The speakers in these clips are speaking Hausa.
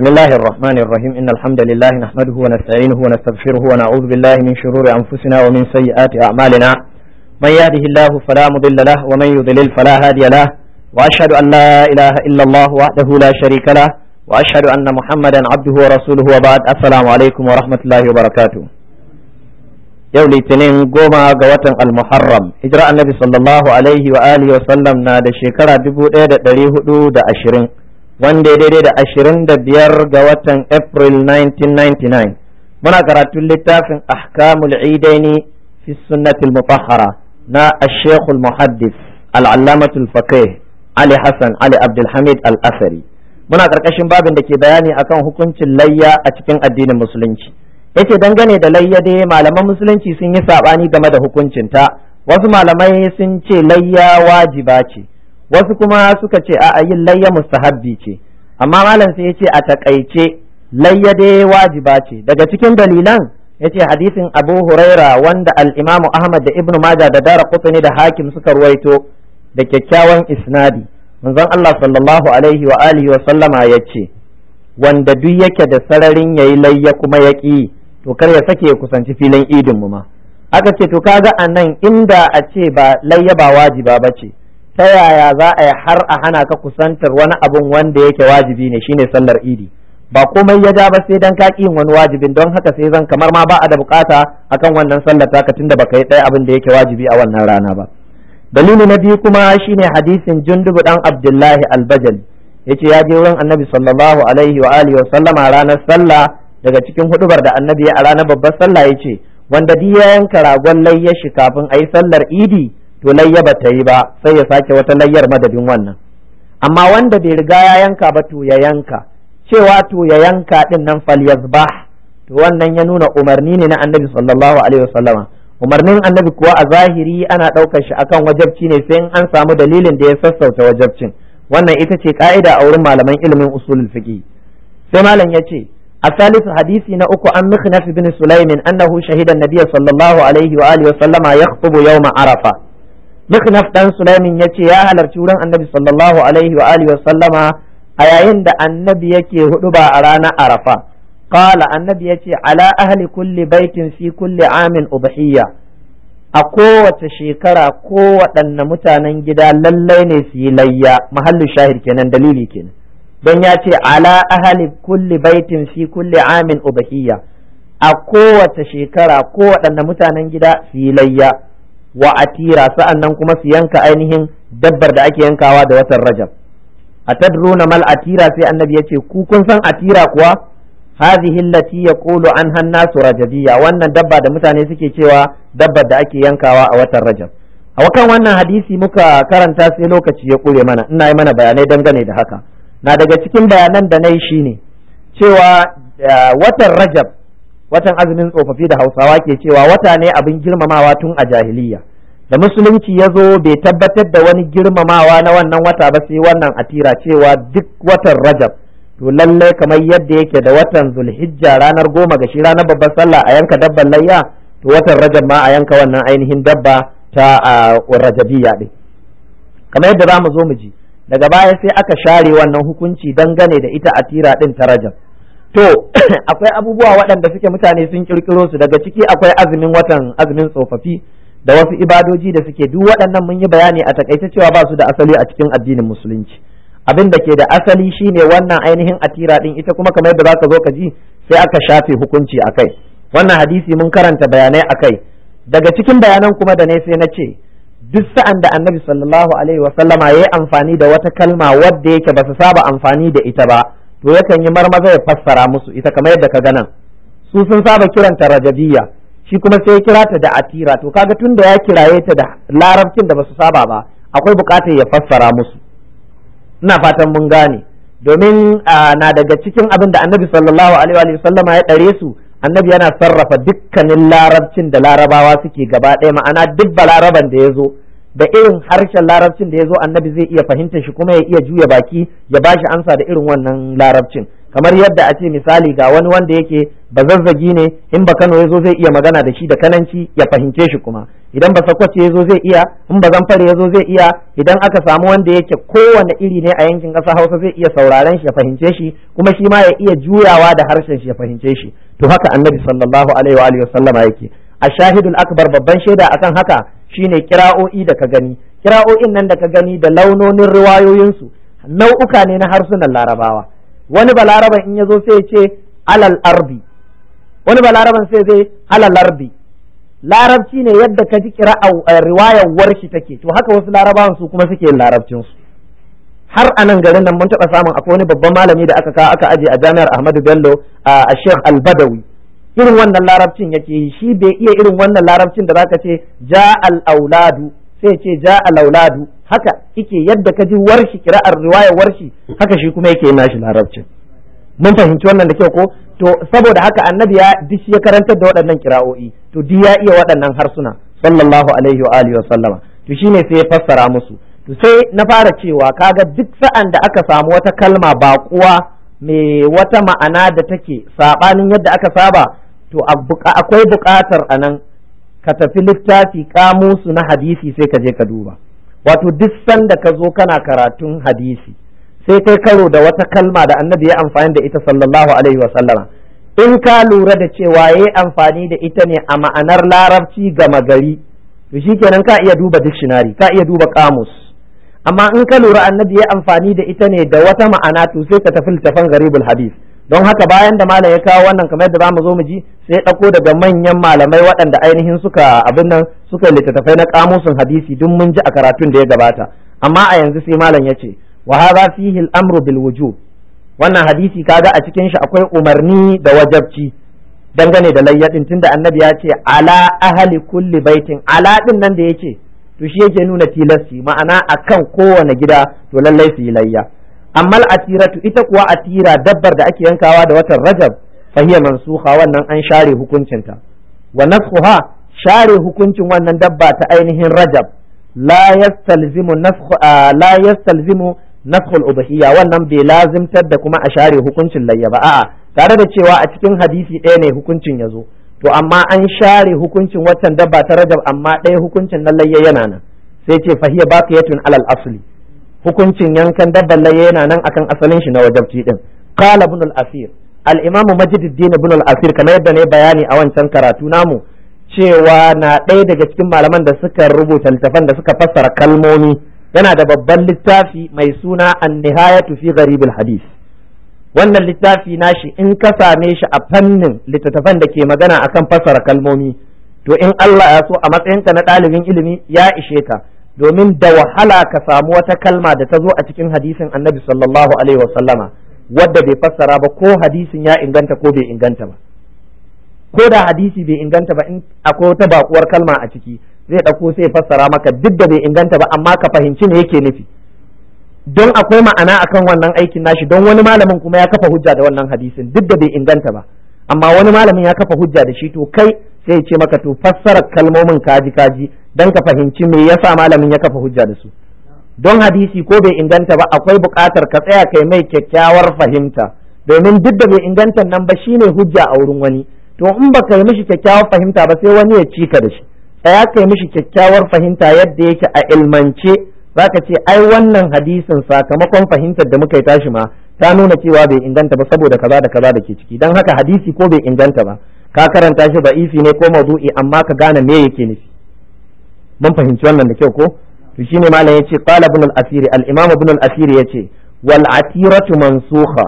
بسم الله الرحمن الرحيم إن الحمد لله نحمده ونستعينه ونستغفره ونعوذ بالله من شرور أنفسنا ومن سيئات أعمالنا من يهده الله فلا مضل له ومن يضلل فلا هادي له وأشهد أن لا إله إلا الله وحده لا شريك له وأشهد أن محمدا عبده ورسوله وبعد السلام عليكم ورحمة الله وبركاته yau litinin goma ga watan almuharram hijira annabi sallallahu alaihi wa alihi wa sallam na da shekara dubu ɗaya da ɗari hudu da ashirin wanda ya daidai da ashirin da biyar ga watan april 1999 muna karatun littafin ahkamul idaini fi sunnatil mutahhara na ashekul muhaddis al'allamatul fakih ali hassan ali abdulhamid al'asari muna karkashin babin da ke bayani akan hukuncin layya a cikin addinin musulunci yace dangane da layya dai malaman musulunci sun yi sabani game da hukuncinta wasu malamai sun ce layya wajiba ce wasu kuma suka ce a yin layya mustahabbi ce amma malam sai yace a takaice layya dai wajiba ce daga cikin dalilan yace hadisin Abu Huraira wanda al-Imam Ahmad da Ibn Majah da Darqutni da Hakim suka ruwaito da kyakkyawan isnadi manzon Allah sallallahu alaihi wa alihi wa sallama yace wanda duk yake da sararin yayi layya kuma yaki to kar ya sake ya kusanci filin idin mu ma aka ce to kaga anan inda a ce ba layya ba wajiba bace ta yaya za a yi har a hana ka kusantar wani abun wanda yake wajibi ne shine sallar idi ba komai ya ja ba sai dan ka yin wani wajibin don haka sai zan kamar ma ba a da bukata akan wannan sallar taka tunda baka yi ɗaya abin da yake wajibi a wannan rana ba dalili na biyu kuma shine hadisin jundubu dan abdullahi albajali yace ya je wurin annabi sallallahu alaihi wa alihi wa sallama ranar sallah daga cikin hudubar da annabi ya a ranar babbar sallah yace wanda diya ya yanka ragon layya shi kafin ayi sallar idi to layya ba ta yi ba sai ya sake wata layyar madadin wannan amma wanda bai riga ya yanka ba to ya yanka cewa to ya yanka din nan falyazbah to wannan ya nuna umarni ne na annabi sallallahu alaihi wasallama umarnin annabi kuwa a zahiri ana ɗaukar shi akan wajabci ne sai in an samu dalilin da ya sassauta wajabcin wannan ita ce ka'ida a wurin malaman ilimin usulul fiqh sai malam ya ce الثالث حديثي نأكو عن مخنف بن سليم أنه شهد النبي صلى الله عليه وآله وسلم يخطب يوم عرفة Miknaf dan Sulaimin ya ce ya halarci wurin Annabi sallallahu alaihi wa alihi sallama a yayin da Annabi yake hudu ba a ranar Arafa. Qala Annabi ya ce ala ahli kulli baitin fi kulli amin ubahiyya a kowace shekara kowaɗanne mutanen gida lallai ne su yi layya mahallu shahid kenan dalili kenan don ya ce ala ahli kulli baitin fi kulli amin ubahiyya a kowace shekara kowaɗanne mutanen gida su yi layya wa atira sa'annan kuma su yanka ainihin dabbar da ake yankawa da watan rajab atadruna mal atira sai annabi yace ku kun san atira kuwa hadhihi allati yaqulu anha an-nasu rajabiyya wannan dabba da mutane suke cewa dabbar da ake yankawa a watan rajab a wakan wannan hadisi muka karanta sai lokaci ya kure mana ina yi mana bayanai dangane da haka na daga cikin bayanan da na yi shine cewa eh, watan rajab watan azumin tsofaffi da hausawa ke cewa wata ne abin girmamawa tun a jahiliya da musulunci ya zo bai tabbatar da wani girmamawa na wannan wata ba sai wannan atira cewa duk watan rajab to lalle kamar yadda yake da watan zulhijja ranar goma ga shi ranar babbar sallah a yanka dabban layya to watan rajab ma a yanka wannan ainihin dabba ta rajabiya din kamar yadda za mu zo mu ji daga baya sai aka share wannan hukunci dangane da ita atira din ta rajab to akwai abubuwa waɗanda suke mutane sun kirkiro su daga ciki akwai azumin watan azumin tsofaffi da wasu ibadoji da suke duk waɗannan mun yi bayani a takaice cewa ba su da asali a cikin addinin musulunci abin da ke da asali shine wannan ainihin atira din ita kuma kamar yadda ka zo ka ji sai aka shafe hukunci akai wannan hadisi mun karanta bayanai akai daga cikin bayanan kuma da ne sai na ce duk sa'an da annabi sallallahu alaihi wasallama yayi amfani da wata kalma wadda yake ba su saba amfani da ita ba to yakan yi marmaza ya fassara musu ita kamar yadda ka ganan su sun saba kiranta rajabiyya shi kuma sai ya kira ta da atira to kaga tun da ya kiraye ta da larabcin da basu saba ba akwai bukatar ya fassara musu ina fatan mun gane domin na daga cikin abin da annabi sallallahu alaihi wa sallama ya dare su annabi yana sarrafa dukkanin larabcin da larabawa suke gaba ɗaya ma'ana duk balaraban da ya zo da irin harshen larabcin da ya zo annabi zai iya fahimta shi kuma ya iya juya baki ya bashi ansa da irin wannan larabcin kamar yadda a ce misali ga wani wanda yake ba zazzagi ne in ba Kano yazo zai iya magana da shi da kananci ya fahimce shi kuma idan ba ya zo zai iya in ba ya zo zai iya idan aka samu wanda yake kowane iri ne a yankin ƙasa Hausa zai iya sauraren shi ya fahimce shi kuma shi ma ya iya juyawa da harshen shi ya fahimce shi to haka Annabi sallallahu alaihi wa yake a shahidul akbar babban shaida akan haka shine kira'o'i da ka gani kira'o'in nan da ka gani da launonin riwayoyinsu nau'uka ne na harsunan larabawa wani balaraban in ya zo sai ce alal arbi wani balaraban sai zai alal arbi larabci ne yadda ka ji kira eh, riwayar take to haka wasu larabawan su kuma suke larabcin su har a nan garin nan mun taɓa samun akwai wani babban malami da aka kawo aka aje a jami'ar Ahmadu Bello a Sheikh Al-Badawi irin wannan larabcin yake yi shi bai iya irin wannan larabcin da zaka ce ja al auladu sai ce ja al auladu haka yake yadda ka ji warshi kira'ar riwaya warshi haka shi kuma yake nashi larabcin mun fahimci wannan da kyau ko to saboda haka annabi ya dishi ya karantar da waɗannan kira'o'i to di ya iya waɗannan harsuna sallallahu alaihi wa alihi wa sallama to shine sai ya fassara musu to sai na fara cewa kaga duk sa'an da aka samu wata kalma ba baƙuwa me wata ma'ana da take saɓanin yadda aka saba to akwai buƙatar a nan ka tafi littafi kamusu na hadisi sai ka je ka duba wato duk sanda ka zo kana karatun hadisi sai kai karo da wata kalma da annabi ya amfani da ita sallallahu alaihi sallama in ka lura da cewa ya amfani da ita ne a ma'anar larabci gama gari to kenan ka iya duba dictionary ka iya duba kamus amma in ka lura annabi ya amfani da ita ne da wata ma'ana to sai ka tafi littafan garibul hadis don haka bayan da malam ya kawo wannan kamar yadda zamu zo mu ji sai ya dauko daga manyan malamai waɗanda ainihin suka abin nan suka littattafai na kamusin hadisi duk mun ji a karatun da ya gabata amma a yanzu sai malam ya ce wa hadha fihi al-amru bil wujub wannan hadisi kaga a cikin shi akwai umarni da wajabci dangane da layyadin tunda annabi ya ce ala ahli kulli baitin ala din nan da yake to shi yake nuna tilasti ma'ana akan kowane gida to lallai su yi layya amma al'atiratu ita kuwa atira dabbar da ake yankawa da watan rajab fahiya mansuha wannan an share hukuncinta wa nasxuha share hukuncin wannan dabba ta ainihin rajab la yastalzimu nasxu la yastalzimu wannan bai lazimtar da kuma a share hukuncin layya ba a'a tare da cewa a cikin hadisi ɗaya ne hukuncin ya zo to amma an share hukuncin waccan dabba ta rajab amma ɗaya hukuncin na layya yana nan sai ce fahiya baqiyatun alal asli hukuncin yankan dabban layya yana nan akan asalin shi na wajabci din qala ibn al asir al imam majduddin ibn al asir kamar yadda ne bayani a wancan karatu namu cewa na ɗaya daga cikin malaman da suka rubuta littafan da suka fassara kalmomi yana da babban littafi mai suna an nihayatu fi gharibul hadith wannan littafi nashi in ka same shi a fannin littattafan da ke magana akan fassara kalmomi to in Allah ya so a matsayinka na ɗalibin ilimi ya ishe ka domin da wahala ka samu wata kalma da ta zo a cikin hadisin annabi sallallahu alaihi wasallama wadda bai fassara ba ko hadisin ya inganta ko bai inganta ba ko da hadisi bai inganta ba in akwai wata bakuwar kalma a ciki zai ɗauko sai fassara maka duk da bai inganta ba amma ka fahimci me yake nufi don akwai ma'ana akan wannan aikin nashi don wani malamin kuma ya kafa hujja da wannan hadisin duk da bai inganta ba amma wani malamin ya kafa hujja da shi to kai sai ya ce maka to fassara kalmomin kaji kaji don ka fahimci me yasa malamin ya kafa hujja da su don hadisi ko bai inganta ba akwai buƙatar ka tsaya kai mai kyakkyawar fahimta domin duk da bai inganta nan ba shine hujja a wurin wani to in ba kai mishi kyakkyawar fahimta ba sai wani ya cika da shi tsaya kai mishi kyakkyawar fahimta yadda yake a ilmance zaka ce ai wannan hadisin sakamakon fahimtar da muka yi tashi ma ta nuna cewa bai inganta ba saboda kaza da kaza da ke ciki dan haka hadisi ko bai inganta ba ka karanta shi ba ifi ne ko maudu'i amma ka gane me yake nufi mun fahimci wannan da kyau ko to shine malam yace qala ibn al-asiri al-imam ibn al-asiri yace wal atiratu mansukha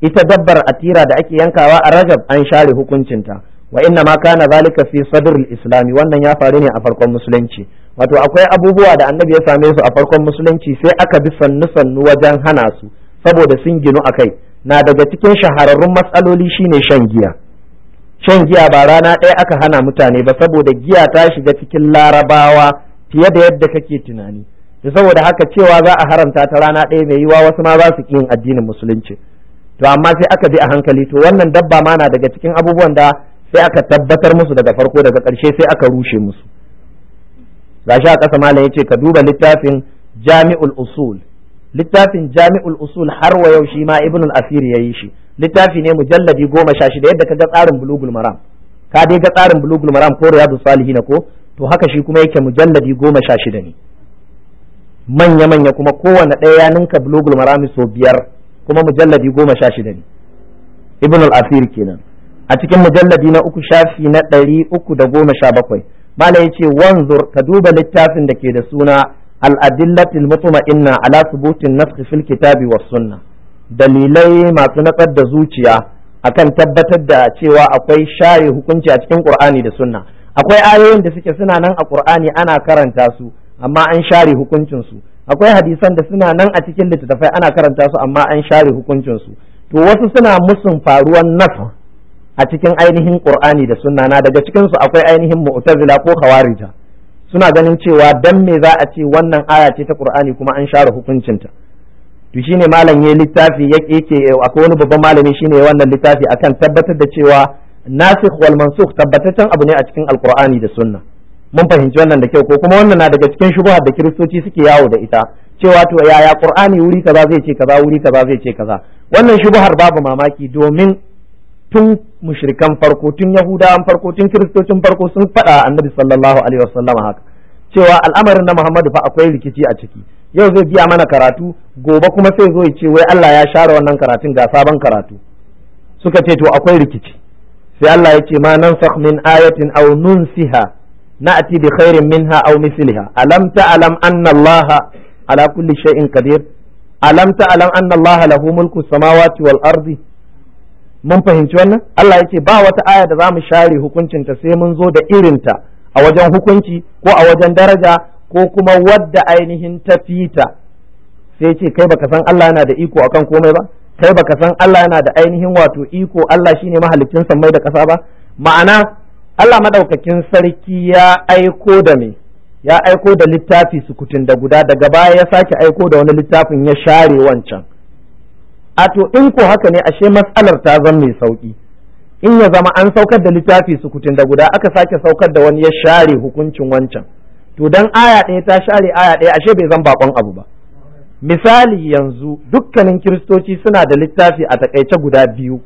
ita dabbar atira da ake yankawa a rajab an share hukuncinta wa inna ma kana zalika fi sadr al-islami wannan ya faru ne a farkon musulunci wato akwai abubuwa da annabi ya same su a farkon musulunci sai aka bi sannu sannu wajen hana su saboda sun ginu a kai na daga cikin shahararrun matsaloli shine shan giya shan giya ba rana ɗaya aka hana mutane ba saboda giya ta shiga cikin larabawa fiye da yadda kake tunani da saboda haka cewa za a haramta ta rana ɗaya mai yiwa wasu ma za su yin addinin musulunci to amma sai aka bi a hankali to wannan dabba ma na daga cikin abubuwan da sai aka tabbatar musu daga farko daga ƙarshe sai aka rushe musu gashi a ƙasa malam yace ka duba littafin jami'ul usul littafin jami'ul usul har wa yau shi ma ibn al-asir yayi shi littafi ne mujalladi goma sha shida yadda ka ga tsarin bulugul maram ka dai ga tsarin bulugul maram ko riyadu salihin ko to haka shi kuma yake mujalladi goma sha shida ne manya manya kuma kowane ɗaya ya ninka bulugul marami sau biyar kuma mujalladi goma sha shida ne ibn al-asir kenan a cikin mujalladi na uku shafi na ɗari uku da goma sha bakwai malai yace wanzur ka duba littafin da ke da suna al-adillatil mutma'inna ala subutin nafsi fil kitabi was sunna dalilai masu natsar da zuciya akan tabbatar da cewa akwai share hukunci a cikin qur'ani da sunna akwai ayoyin da suke suna nan a qur'ani ana karanta su amma an share hukuncin su akwai hadisan da suna nan a cikin littattafai ana karanta su amma an share hukuncin su to wasu suna musun faruwan nafa a cikin ainihin qur'ani da sunna na daga cikin su akwai ainihin mu'tazila ko khawarija suna ganin cewa dan me za a ce wannan aya ce ta qur'ani kuma an share hukuncinta to shine malam yayin littafi yake akwai wani babban malami shine wannan littafi akan tabbatar da cewa nasikh wal mansukh tabbataccen abu ne a cikin alqur'ani da sunna mun fahimci wannan da kyau ko kuma wannan na daga cikin shubuhar da kiristoci suke yawo da ita cewa to yaya qur'ani wuri kaza zai ce kaza wuri kaza zai ce kaza wannan shubuhar babu mamaki domin tun mushrikan farko tun yahudawan farko tun kiristocin farko sun faɗa annabi sallallahu alaihi wasallam haka cewa al'amarin na muhammadu fa akwai rikici a ciki yau zai biya mana karatu gobe kuma sai zo ya ce wai Allah ya share wannan karatun ga sabon karatu suka ce to akwai rikici sai Allah ya ce ma nan min ayatin aw nunsiha na'ti bi khairin minha aw misliha alam ta'lam anna Allah ala kulli shay'in qadir alam ta'lam anna Allah lahu mulku samawati wal ardi mun fahimci wannan Allah yake ba wata aya da zamu share hukuncinta sai mun zo da irin ta a wajen hukunci ko a wajen daraja ko kuma wadda ainihin ta fita sai ce kai baka san Allah yana da iko akan komai ba kai baka san Allah yana da ainihin wato iko Allah shine mahalicin sammai da kasa ba ma'ana Allah madaukakin sarki ya aiko da me ya aiko da littafi sukutun da guda daga baya ya sake aiko da wani littafin ya share wancan a to in ko haka ne ashe matsalar ta zan mai sauki in ya zama an saukar da littafi su sukutun da guda aka sake saukar da wani ya share hukuncin wancan to dan aya ɗaya ta share aya ɗaya ashe bai zan bakon abu ba misali yanzu dukkanin kiristoci suna da littafi a takaice guda biyu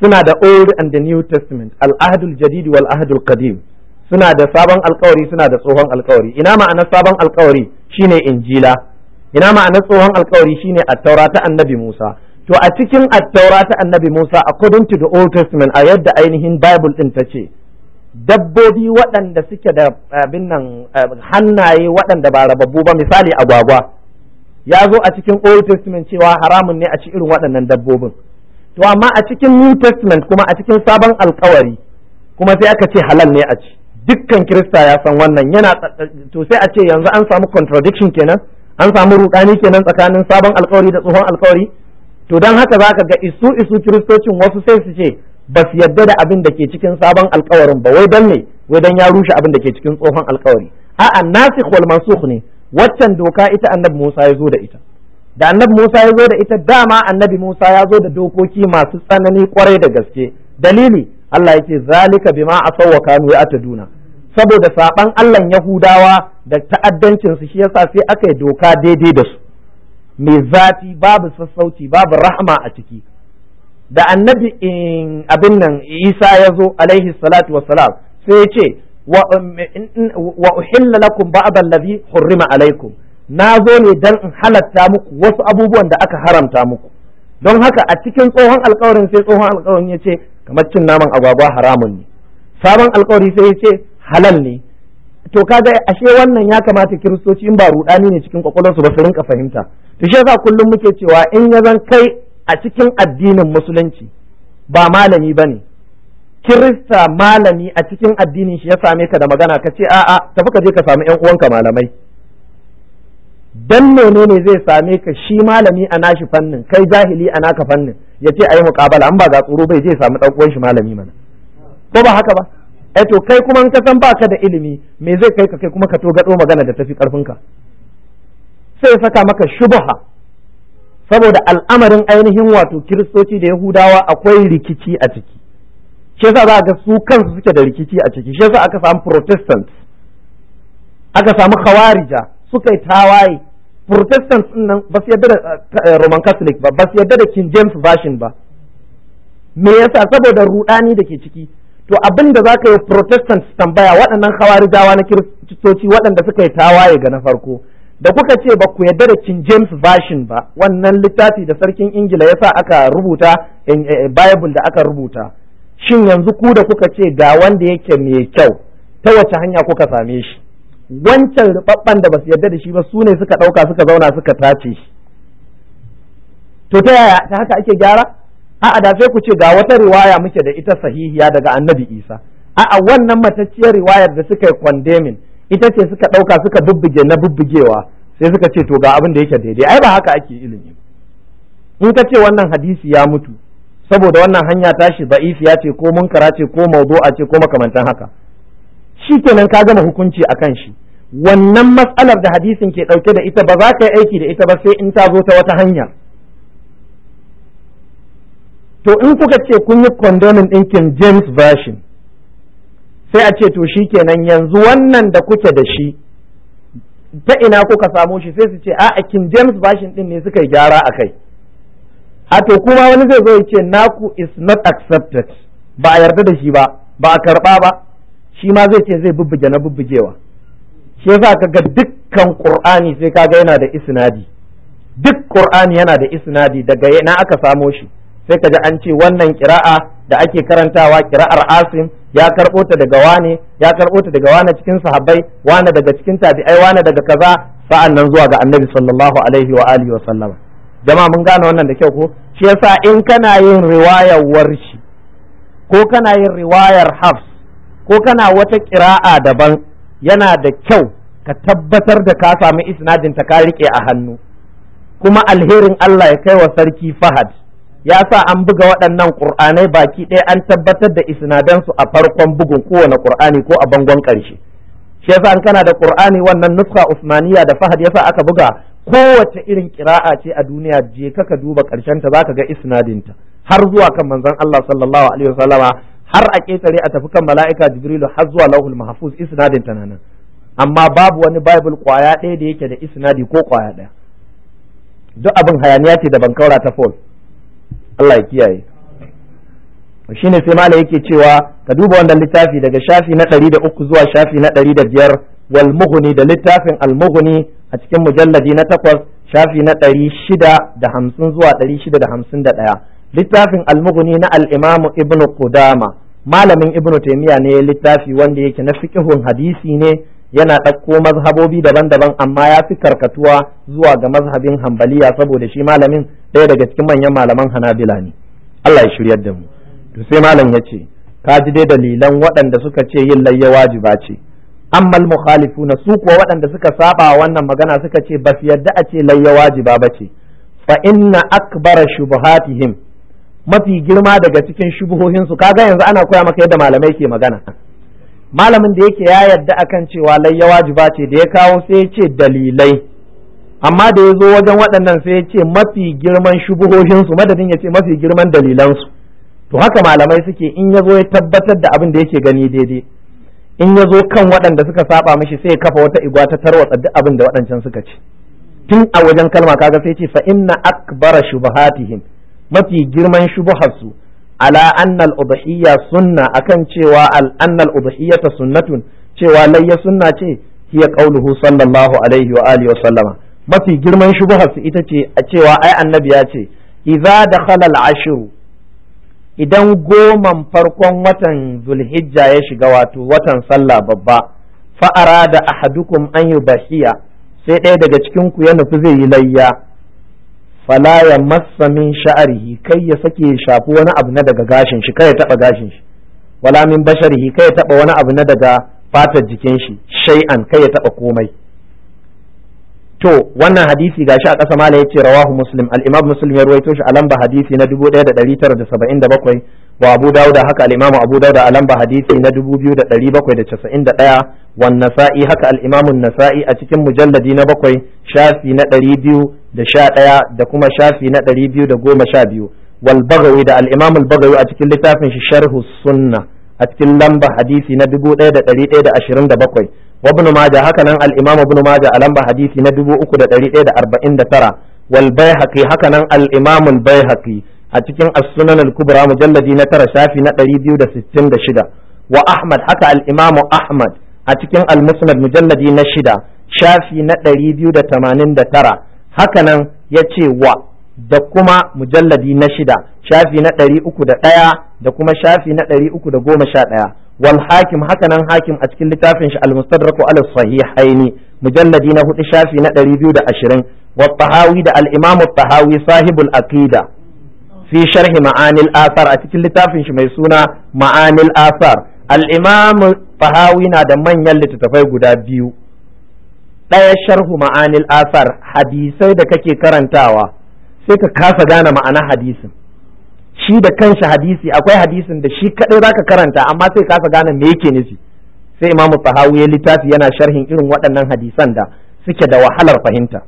suna da old and the new testament al-ahdul jadid wal ahdul qadim suna da sabon alkawari suna da tsohon alkawari ina ma'anar sabon alkawari shine injila ina ma'ana tsohon alkawari shine attaura ta annabi Musa to a cikin attaura ta annabi Musa according to the Old Testament a yadda ainihin Bible din ta ce dabbobi waɗanda suke da abin nan eh, hannaye waɗanda ba rababbu ba misali agwagwa ya zo a cikin Old Testament cewa haramun ne a ci irin waɗannan dabbobin to amma a cikin New Testament kuma a cikin sabon alkawari kuma sai aka ce halal ne a ci dukkan Kirista ya san wannan yana to sai a ce yanzu an samu contradiction kenan an samu rudani kenan tsakanin sabon alkawari da tsohon alkawari to dan haka zaka ga isu isu kiristocin wasu sai su ce ba su yadda da abin da ke cikin sabon alkawarin ba wai dan ne wai dan ya rushe abin da ke cikin tsohon alkawari a'a nasikh wal mansukh ne waccan doka ita annabi Musa ya zo da ita da annabi Musa ya zo da ita dama annabi Musa ya zo da dokoki masu tsanani kwarai da gaske dalili Allah yake zalika bima asawwa wa kanu ya'taduna saboda saban Allahn Yahudawa da ta'addancin su shi yasa sai aka yi doka daidai da su mai zafi babu sassauci babu rahama a ciki da annabi abin nan Isa ya zo alaihi salatu salam sai ya ce wa um, uhilla lakum ba'd allazi hurrima alaikum na zo ne dan in halatta muku wasu abubuwan da aka haramta muku don haka a cikin tsohon alkawarin sai tsohon alkawarin ya ce kamar cin naman agwagwa haramun ne sabon alkawari sai ya ce halal ne to kaga ashe wannan ya kamata kiristoci in ba rudani ne cikin kwakwalwarsu ba su rinka fahimta to shi yasa kullum muke cewa in ya zan kai a cikin addinin musulunci ba malami bane kirista malami a cikin addinin shi ya same ka da magana ka ce a'a tafi ka je ka samu yan uwanka malamai dan ne zai same ka shi malami a nashi fannin kai jahili a naka fannin ya ce ayi muƙabala an ba ga tsoro bai je samu ɗan uwan shi malami mana ko ba haka ba eh to kai kuma in ka san baka da ilimi me zai kai ka kai kuma ka to gado magana da tafi karfin ka sai saka maka shubha saboda al'amarin ainihin wato kiristoci da yahudawa akwai rikici a ciki shi yasa za ga su kansu suke da rikici a ciki shi yasa aka samu protestant aka samu khawarija suka yi tawaye protestant nan ba su yadda da eh, roman catholic ba ba su yadda da king james version ba me yasa saboda rudani da ke ciki to abin da za ka yi protestant tambaya waɗannan hawarijawa na kiristoci waɗanda suka yi tawaye ga na farko da kuka ce ba ku yarda da King James version ba wannan littafi da sarkin Ingila ya sa aka rubuta eh, eh, eh, Bible da aka rubuta shin yanzu ku da kuka ce ga wanda yake mai kyau ta wace hanya kuka same shi wancan rubabban da basu yarda da shi ba su ne suka ɗauka suka zauna suka tace shi to ta yaya ta haka ake gyara a'a da sai ku ce ga wata riwaya muke da ita sahihiya daga annabi isa a'a wannan matacciyar riwayar da suka yi condemning ita ce suka ɗauka suka bubbuge na bubbugewa sai suka ce to ga abin da yake daidai ai ba haka ake ilimi in ka ce wannan hadisi ya mutu saboda wannan hanya tashi ba'ifiya ce ko munkara ce ko mawdu'a ce ko makamantan haka shi kenan ka gama hukunci a kan shi wannan matsalar da hadisin ke ɗauke da ita ba za ka yi aiki da ita ba sai in ta zo ta wata hanyar to in kuka ce kun yi condoning ɗin King James version sai a ce to shi kenan yanzu wannan da kuke da shi ta ina kuka samu shi sai su ce a King James version ɗin ne suka yi gyara a kai a to kuma wani zai zo ya ce naku is not accepted ba a yarda da shi ba ba a karɓa ba shi ma zai ce zai bubbuge na bubbugewa shi yasa ka ga dukkan qur'ani sai kaga yana da isinadi? duk qur'ani yana da isnadi daga na aka samo shi sai ka ji an ce wannan kira'a da ake karantawa kira'ar asim ya karɓo ta daga wane ya karɓo ta daga wane cikin sahabbai wane daga cikin tabi'ai wane daga kaza sa'an nan zuwa ga annabi sallallahu alaihi wa alihi wa sallama jama'a mun gane wannan da kyau ko shi yasa in kana yin riwayar warshi ko kana yin riwayar hafs ko kana wata kira'a daban yana da kyau ka tabbatar da ka sami isnadin ta ka rike a hannu kuma alherin Allah ya kai wa sarki Fahad ya sa an buga waɗannan ƙur'anai baki ɗaya an tabbatar da isnadansu a farkon bugun kowane ƙur'ani ko a bangon ƙarshe shi yasa an kana da ƙur'ani wannan nuska usmaniya da fahad yasa aka buga kowace irin ƙira'a ce a duniya je ka duba ƙarshen ta zaka ga isnadinta har zuwa kan manzon Allah sallallahu alaihi wasallama har a ƙetare a tafi kan mala'ika jibrilu har zuwa lauhul mahfuz isnadin ta nan amma babu wani bible kwaya ɗaya da yake da isnadi ko kwaya ɗaya duk abin hayaniya ce da bankaura ta fol. Allah ya kiyaye shine sai malai yake cewa ka duba wannan littafi daga shafi na ɗari da uku zuwa shafi na ɗari da biyar wal mughni da littafin al a cikin mujalladi na takwas shafi na ɗari shida da hamsin zuwa ɗari shida da hamsin da ɗaya littafin al na al imamu ibnu qudama malamin ibnu taimiya ne littafi wanda yake na fiqhun hadisi ne yana ɗauko mazhabobi daban-daban amma ya fi karkatuwa zuwa ga mazhabin hambaliya saboda shi malamin ɗaya daga cikin manyan malaman hanabila ne Allah ya shiryar da mu to sai malam ya ce ka ji dai dalilan waɗanda suka ce yin layya wajiba ce ammal na su kuwa waɗanda suka saba wannan magana suka ce ba su yarda a ce layya wajiba ba ce fa inna akbara shubuhatihim mafi girma daga cikin shubuhohin su kaga yanzu ana koya maka yadda malamai ke magana malamin da yake ya yarda akan cewa layya wajiba ce da ya kawo sai ya ce dalilai amma da ya zo wajen waɗannan sai ya ce mafi girman shubuhohinsu madadin ya ce mafi girman dalilansu to haka malamai suke in ya zo ya tabbatar da abin da yake gani daidai in ya zo kan waɗanda suka saba mishi sai ya kafa wata igwa ta tarwatsa duk abin da waɗancan suka ci. tun a wajen kalma kaga sai ce fa inna akbara shubuhatihim mafi girman shubuharsu ala annal udhiyya sunna akan cewa al annal udhiyyata sunnatun cewa layya sunna ce hiya qauluhu sallallahu alaihi wa alihi wa sallama mafi girman shubuhar su ita ce a cewa ai annabi ya ce idza dakhala al ashr idan goman farkon watan zulhijja ya shiga wato watan sallah babba fa arada ahadukum an yubahiya sai ɗaya daga cikin ku ya nufi zai yi layya fala ya massa min sha'arihi kai ya sake shafi wani abu na daga gashin shi kai ya taba gashin shi wala min basharihi kai ya taba wani abu na daga fatar jikin shi shay'an kai ya taba komai to wannan hadisi gashi a ƙasa mala yace rawahu muslim al-imam muslim ya ruwaito shi a lamba hadisi na 1977 wa abu dauda haka al-imam abu dauda a lamba hadisi na 2791 wa nasa'i haka al-imam nasai a cikin mujalladi na bakwai shafi na 211 da kuma shafi na 212 wal bagawi da al-imam al-bagawi a cikin littafin shi sharh sunna a cikin lamba hadisi na 1127 wa ibn majah haka nan al-imam ibn majah a lamba hadisi na 3149 wal baihaqi haka nan al-imam al-baihaqi a cikin as-sunan al-kubra mujalladi na tara shafi na shida wa ahmad haka al-imam ahmad a cikin almusnad mujalladi na shida shafi na 289 hakanan ya ce wa da kuma mujalladi na shida shafi na ɗari uku da ɗaya da kuma shafi na ɗari uku da goma sha ɗaya wal hakim hakanan hakim a cikin littafin shi al mustadrak ala sahihaini mujalladi na hudu shafi na ɗari biyu da ashirin tahawi da al imam tahawi sahibul aqida fi sharhi ma'anil asar a cikin littafin shi mai suna ma'anil asar al imam tahawi na da manyan littattafai guda biyu ɗaya sharhu ma'anil asar hadisai da kake karantawa sai ka kasa gane ma'anar hadisin shi da kanshi hadisi akwai hadisin da shi kadai zaka karanta amma sai kasa gane me yake nufi sai imamu fahawi ya littafi yana sharhin irin waɗannan hadisan da suke da wahalar fahimta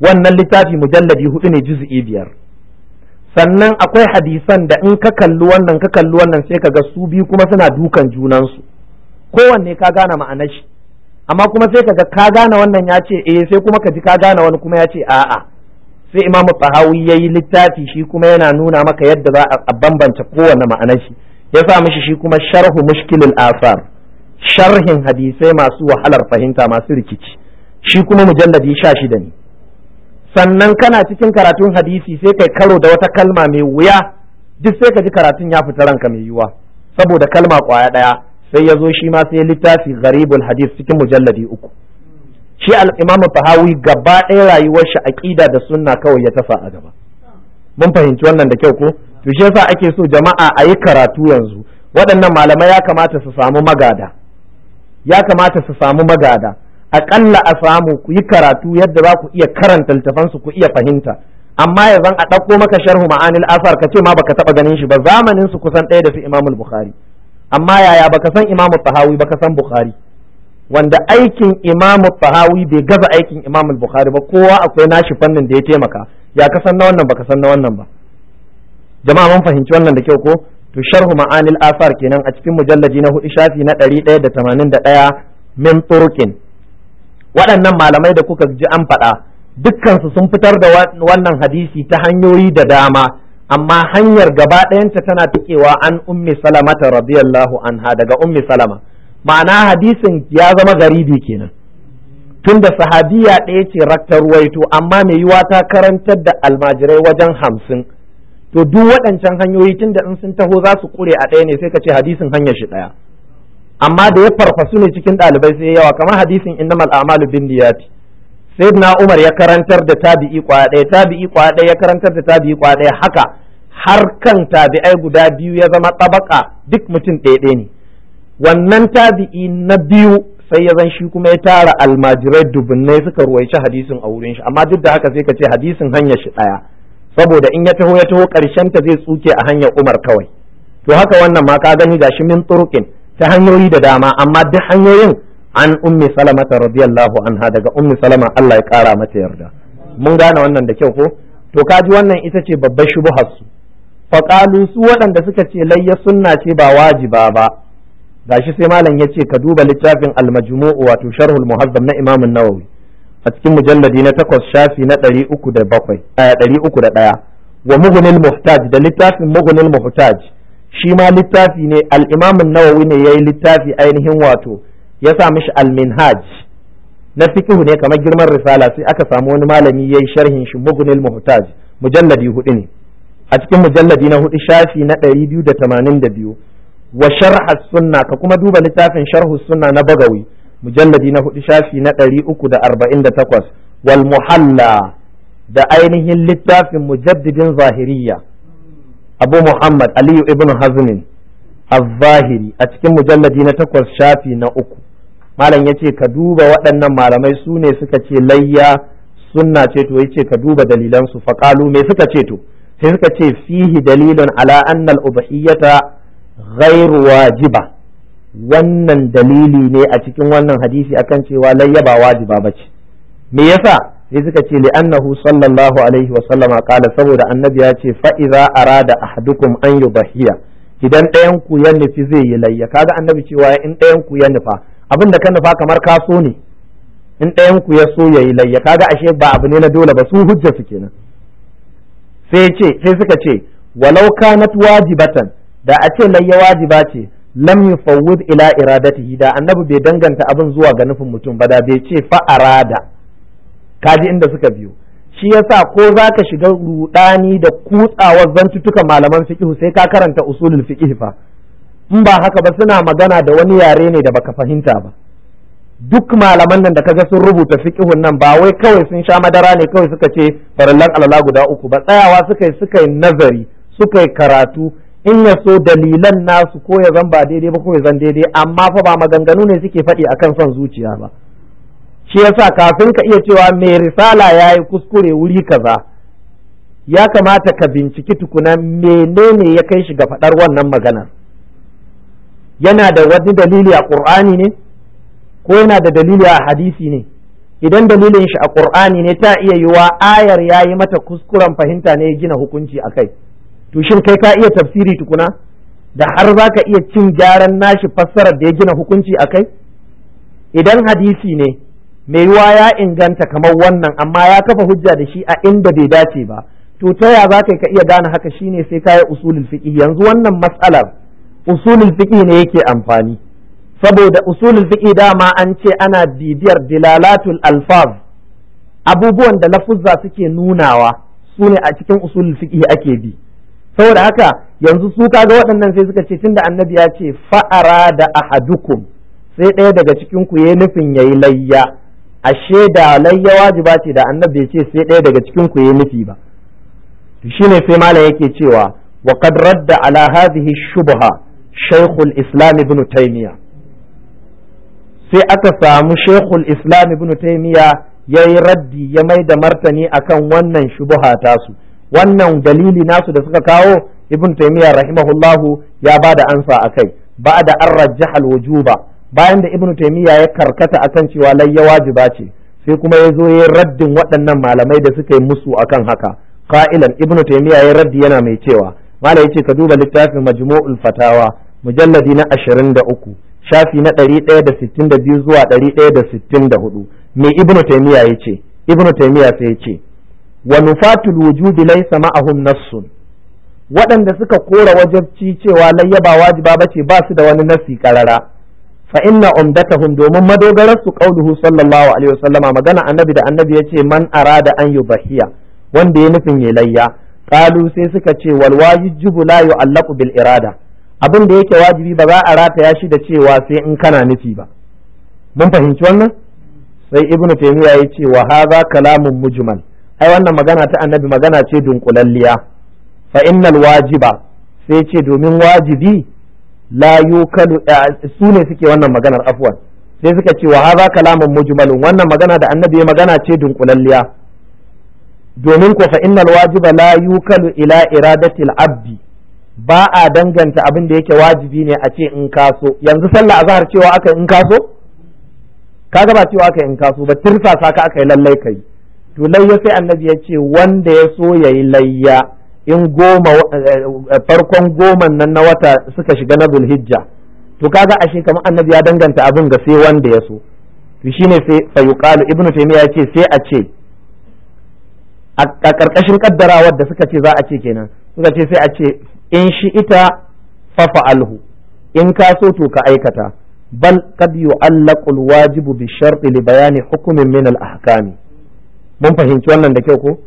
wannan littafi mujalladi hudu ne juz'i biyar sannan akwai hadisan da in ka kalli wannan ka kalli wannan sai ka ga su biyu kuma suna dukan junansu kowanne ka gane ma'anar shi amma kuma sai ka ga ka gane wannan ya ce eh sai kuma ka ji ka gane wani kuma ya ce a'a sai imamu tahawi yayi littafi shi kuma yana nuna maka yadda za a bambanta kowane ma'anar shi ya sa mishi shi kuma sharhu mushkilul asar sharhin hadisai masu wahalar fahimta masu rikici shi kuma mujalladi sha shida ne sannan kana cikin karatun hadisi sai kai karo da wata kalma mai wuya duk sai ka ji karatun ya fita ranka mai yiwuwa saboda kalma kwaya ɗaya sai ya zo shi ma sai littafi gharibul hadis cikin mujalladi uku shi al fahawi gaba ɗaya rayuwar shi aqida da sunna kawai ya tafa a gaba mun fahimci wannan da kyau ko to shi yasa ake so jama'a a yi karatu yanzu waɗannan malamai ya kamata su samu magada ya kamata su samu magada aƙalla a samu ku yi karatu yadda za ku iya karanta su ku iya fahimta amma ya zan a ɗauko maka sharhu ma'anil asar ka ce ma baka taɓa ganin shi ba zamanin su kusan ɗaya da su imamul bukhari amma yaya baka san imamul tahawi baka san bukhari wanda aikin imamu fahawi bai gaza aikin imam bukhari ba kowa akwai nashi fannin da ya taimaka ya ka san na wannan ba ka san na wannan ba jama'a mun fahimci wannan da kyau ko to sharhu ma'anil asar kenan a cikin mujallaji na hudu shafi na ɗari ɗaya da tamanin da ɗaya min turkin waɗannan malamai da kuka ji an faɗa dukkansu sun fitar da wannan hadisi ta hanyoyi da dama amma hanyar gaba ɗayanta tana tukewa an ummi salamata radiyallahu anha daga ummi salama ma'ana hadisin ya zama garibi kenan tunda sahabiya ɗaya ce rakta ruwaito amma mai yiwa ta karantar da almajirai wajen hamsin to duk waɗancan hanyoyi tunda in sun taho za su kure a ɗaya ne sai ka ce hadisin hanyar shi ɗaya amma da ya farfasu ne cikin ɗalibai sai yawa kamar hadisin mal a'malu bin niyati sayyidina Umar ya karantar da tabi'i kwaya ɗaya tabi'i kwaya ɗaya ya karantar da tabi'i kwaya ɗaya haka har kan tabi'ai guda biyu ya zama tabaka duk mutum ɗaya ɗaya ne wannan tabi'i na biyu sai ya zan shi kuma ya tara almajirai dubunnai suka ruwaici hadisin a wurin shi amma duk da haka sai ka ce hadisin hanyar shi ɗaya saboda in ya taho ya taho ƙarshen ta zai tsuke a hanyar Umar kawai to haka wannan ma ka gani gashi min turukin ta hanyoyi da dama amma duk hanyoyin an ummi salama ta radiyallahu anha daga ummi salama Allah ya kara mata yarda mun gane wannan da kyau ko to kaji wannan ita ce babbar shubuhar su faqalu su waɗanda suka ce layya sunna ce ba wajiba ba gashi sai malam ya ce ka duba littafin al-majmu' wato sharhul muhazzam na imam an-nawawi a cikin mujalladi na takwas shafi na ɗari uku da bakwai eh, ɗari uku da ɗaya wa mughunil muhtaj da littafin mughunil muhtaj shi ma littafi ne al-imam an-nawawi ne yayi littafi ainihin wato ya sa mishi al-minhaj na fiqhu ne kamar girman risala sai aka samu wani malami yayi sharhin shi mughunil muhtaj mujalladi hudu ne a cikin mujalladi na hudu shafi na ɗari biyu da tamanin da biyu wa sharha sunna ka kuma duba littafin sharhu sunna na bagawi mujalladi na hudu shafi na ɗari uku da arba'in da takwas wal muhalla da ainihin littafin mujaddidin zahiriya abu muhammad aliyu ibn hazmin az-zahiri a cikin mujalladi na takwas shafi na uku malam ya ce ka duba waɗannan malamai su ne suka ce layya sunna ce to ya ce ka duba dalilansu faƙalu me suka ce to sai suka ce fihi dalilun ala annal ubhiyyata ghairu wajiba wannan dalili ne a cikin wannan hadisi akan cewa layya ba wajiba bace me yasa sai suka ce li'annahu sallallahu alaihi wa sallama qala saboda annabi ya ce fa arada ahadukum an yubahiya idan ɗayan ku ya nufi zai yi layya kaga annabi cewa in ɗayan ku ya nufa abin da ka nufa kamar ka so ne in ɗayan ku ya so ya yi layya kaga ashe ba abu ne na dole ba su hujja su kenan sai ce sai suka ce walau kanat wajibatan da a ce ya wajiba ce lam yufawwid ila iradatihi da annabi bai danganta abin zuwa ga nufin mutum ba da bai ce fa arada kaji inda suka biyo shi yasa ko zaka shiga rudani da kutsawar zantutuka malaman fiqh sai ka karanta usulul fiqh fa in ba haka ba suna magana da wani yare ne da baka fahimta ba duk malaman nan da kaga sun rubuta fiqhun nan ba wai kawai sun sha madara ne kawai suka ce farallan alala guda uku ba tsayawa suka yi suka yi nazari suka yi karatu in ya so dalilan nasu ko ya zan ba daidai ba ko ya zan daidai amma fa ba maganganu ne suke faɗi akan son zuciya ba shi yasa kafin ka iya cewa mai risala ya yi kuskure wuri kaza ya kamata ka binciki tukuna menene ya kai shi ga faɗar wannan magana yana da wani dalili a ƙur'ani ne ko yana da dalili a hadisi ne idan dalilin shi a ƙur'ani ne ta iya yiwa ayar ya yi mata kuskuren fahimta ne ya gina hukunci a kai to shin kai ka iya tafsiri tukuna da har za ka iya cin gyaran nashi fassarar da ya gina hukunci a kai idan hadisi ne mai yiwa ya inganta kamar wannan amma ya kafa hujja da shi a inda bai dace ba to ta ya za ka iya gane haka shine sai ka yi usulul fiqi yanzu wannan matsalar usulul fiƙi ne yake amfani saboda usulul da dama an ce ana bibiyar dilalatul alfaz abubuwan da lafuzza suke nunawa su ne a cikin usulul fiqi ake bi saboda haka yanzu su kaga waɗannan sai suka ce tunda annabi ya ce fa'ara da ahadukum sai ɗaya daga cikin ku yayi nufin yayi layya ashe da layya wajiba ce da annabi ya ce sai ɗaya daga cikin ku yayi nufi ba shine sai malam yake cewa wa qad radda ala hadhihi shubha shaykhul islam ibn taymiya sai aka samu shaykhul islam ibn taymiya yayi raddi ya maida martani akan wannan shubha tasu wannan dalili nasu da suka kawo ibn taymiya rahimahullahu ya ba da ansa akai da an rajjaha wujuba bayan da ibn taymiya ya karkata akan cewa lai wajiba ce sai kuma ya zo ya raddin waɗannan malamai da suka yi musu akan haka qa'ilan ibn taymiya ya raddi yana mai cewa mala yace ka duba littafin majmu'ul fatawa mujalladi na 23 shafi na 162 zuwa 164 me ibn taymiya yace ibn taymiya sai yace wa nufatul wujudi laysa ma'ahum nassun waɗanda suka kora wajabci cewa layya ba wajiba bace ba su da wani nasi karara fa inna umdatahum domin madogarar su qauluhu sallallahu alaihi wasallama magana annabi da annabi yace man arada an yubahiya wanda ya nufin ya layya qalu sai suka ce wal wajibu la yu'allaqu bil irada abin da yake wajibi ba za a rataya shi da cewa sai in kana nufi ba mun fahimci wannan sai ibnu taymiya yace wa hadha kalamun mujmal ai wannan magana ta annabi magana ce dunkulalliya fa innal wajiba sai ce domin wajibi la yukalu eh, su ne suke wannan maganar afwan sai suka ce wa hadha kalamun mujmalun wannan magana da annabi ya magana ce dunkulalliya domin ko fa innal wajiba la yukalu ila iradatil abdi ba a danganta abin da yake wajibi ne a ce in kaso yanzu sallah azhar cewa aka in kaso kaga ba cewa aka in kaso ba tirsasa ka aka yi lallai kai to layya sai annabi ya ce wanda ya so ya yi layya in goma eh, farkon goman nan na wata suka shiga na zulhijja to kaga ashe kamar annabi ya danganta abin ga sai wanda ya so to shine sai fayuqalu ibnu taymiya ya ce sai a ce a karkashin kaddarawa da suka ce za a ce kenan suka ce sai a ce in shi ita fafa alhu in ka so to ka aikata bal kad yu'allaqu alwajibu bi sharti li bayani hukmin min al ahkami mun fahimci wannan da kyau ko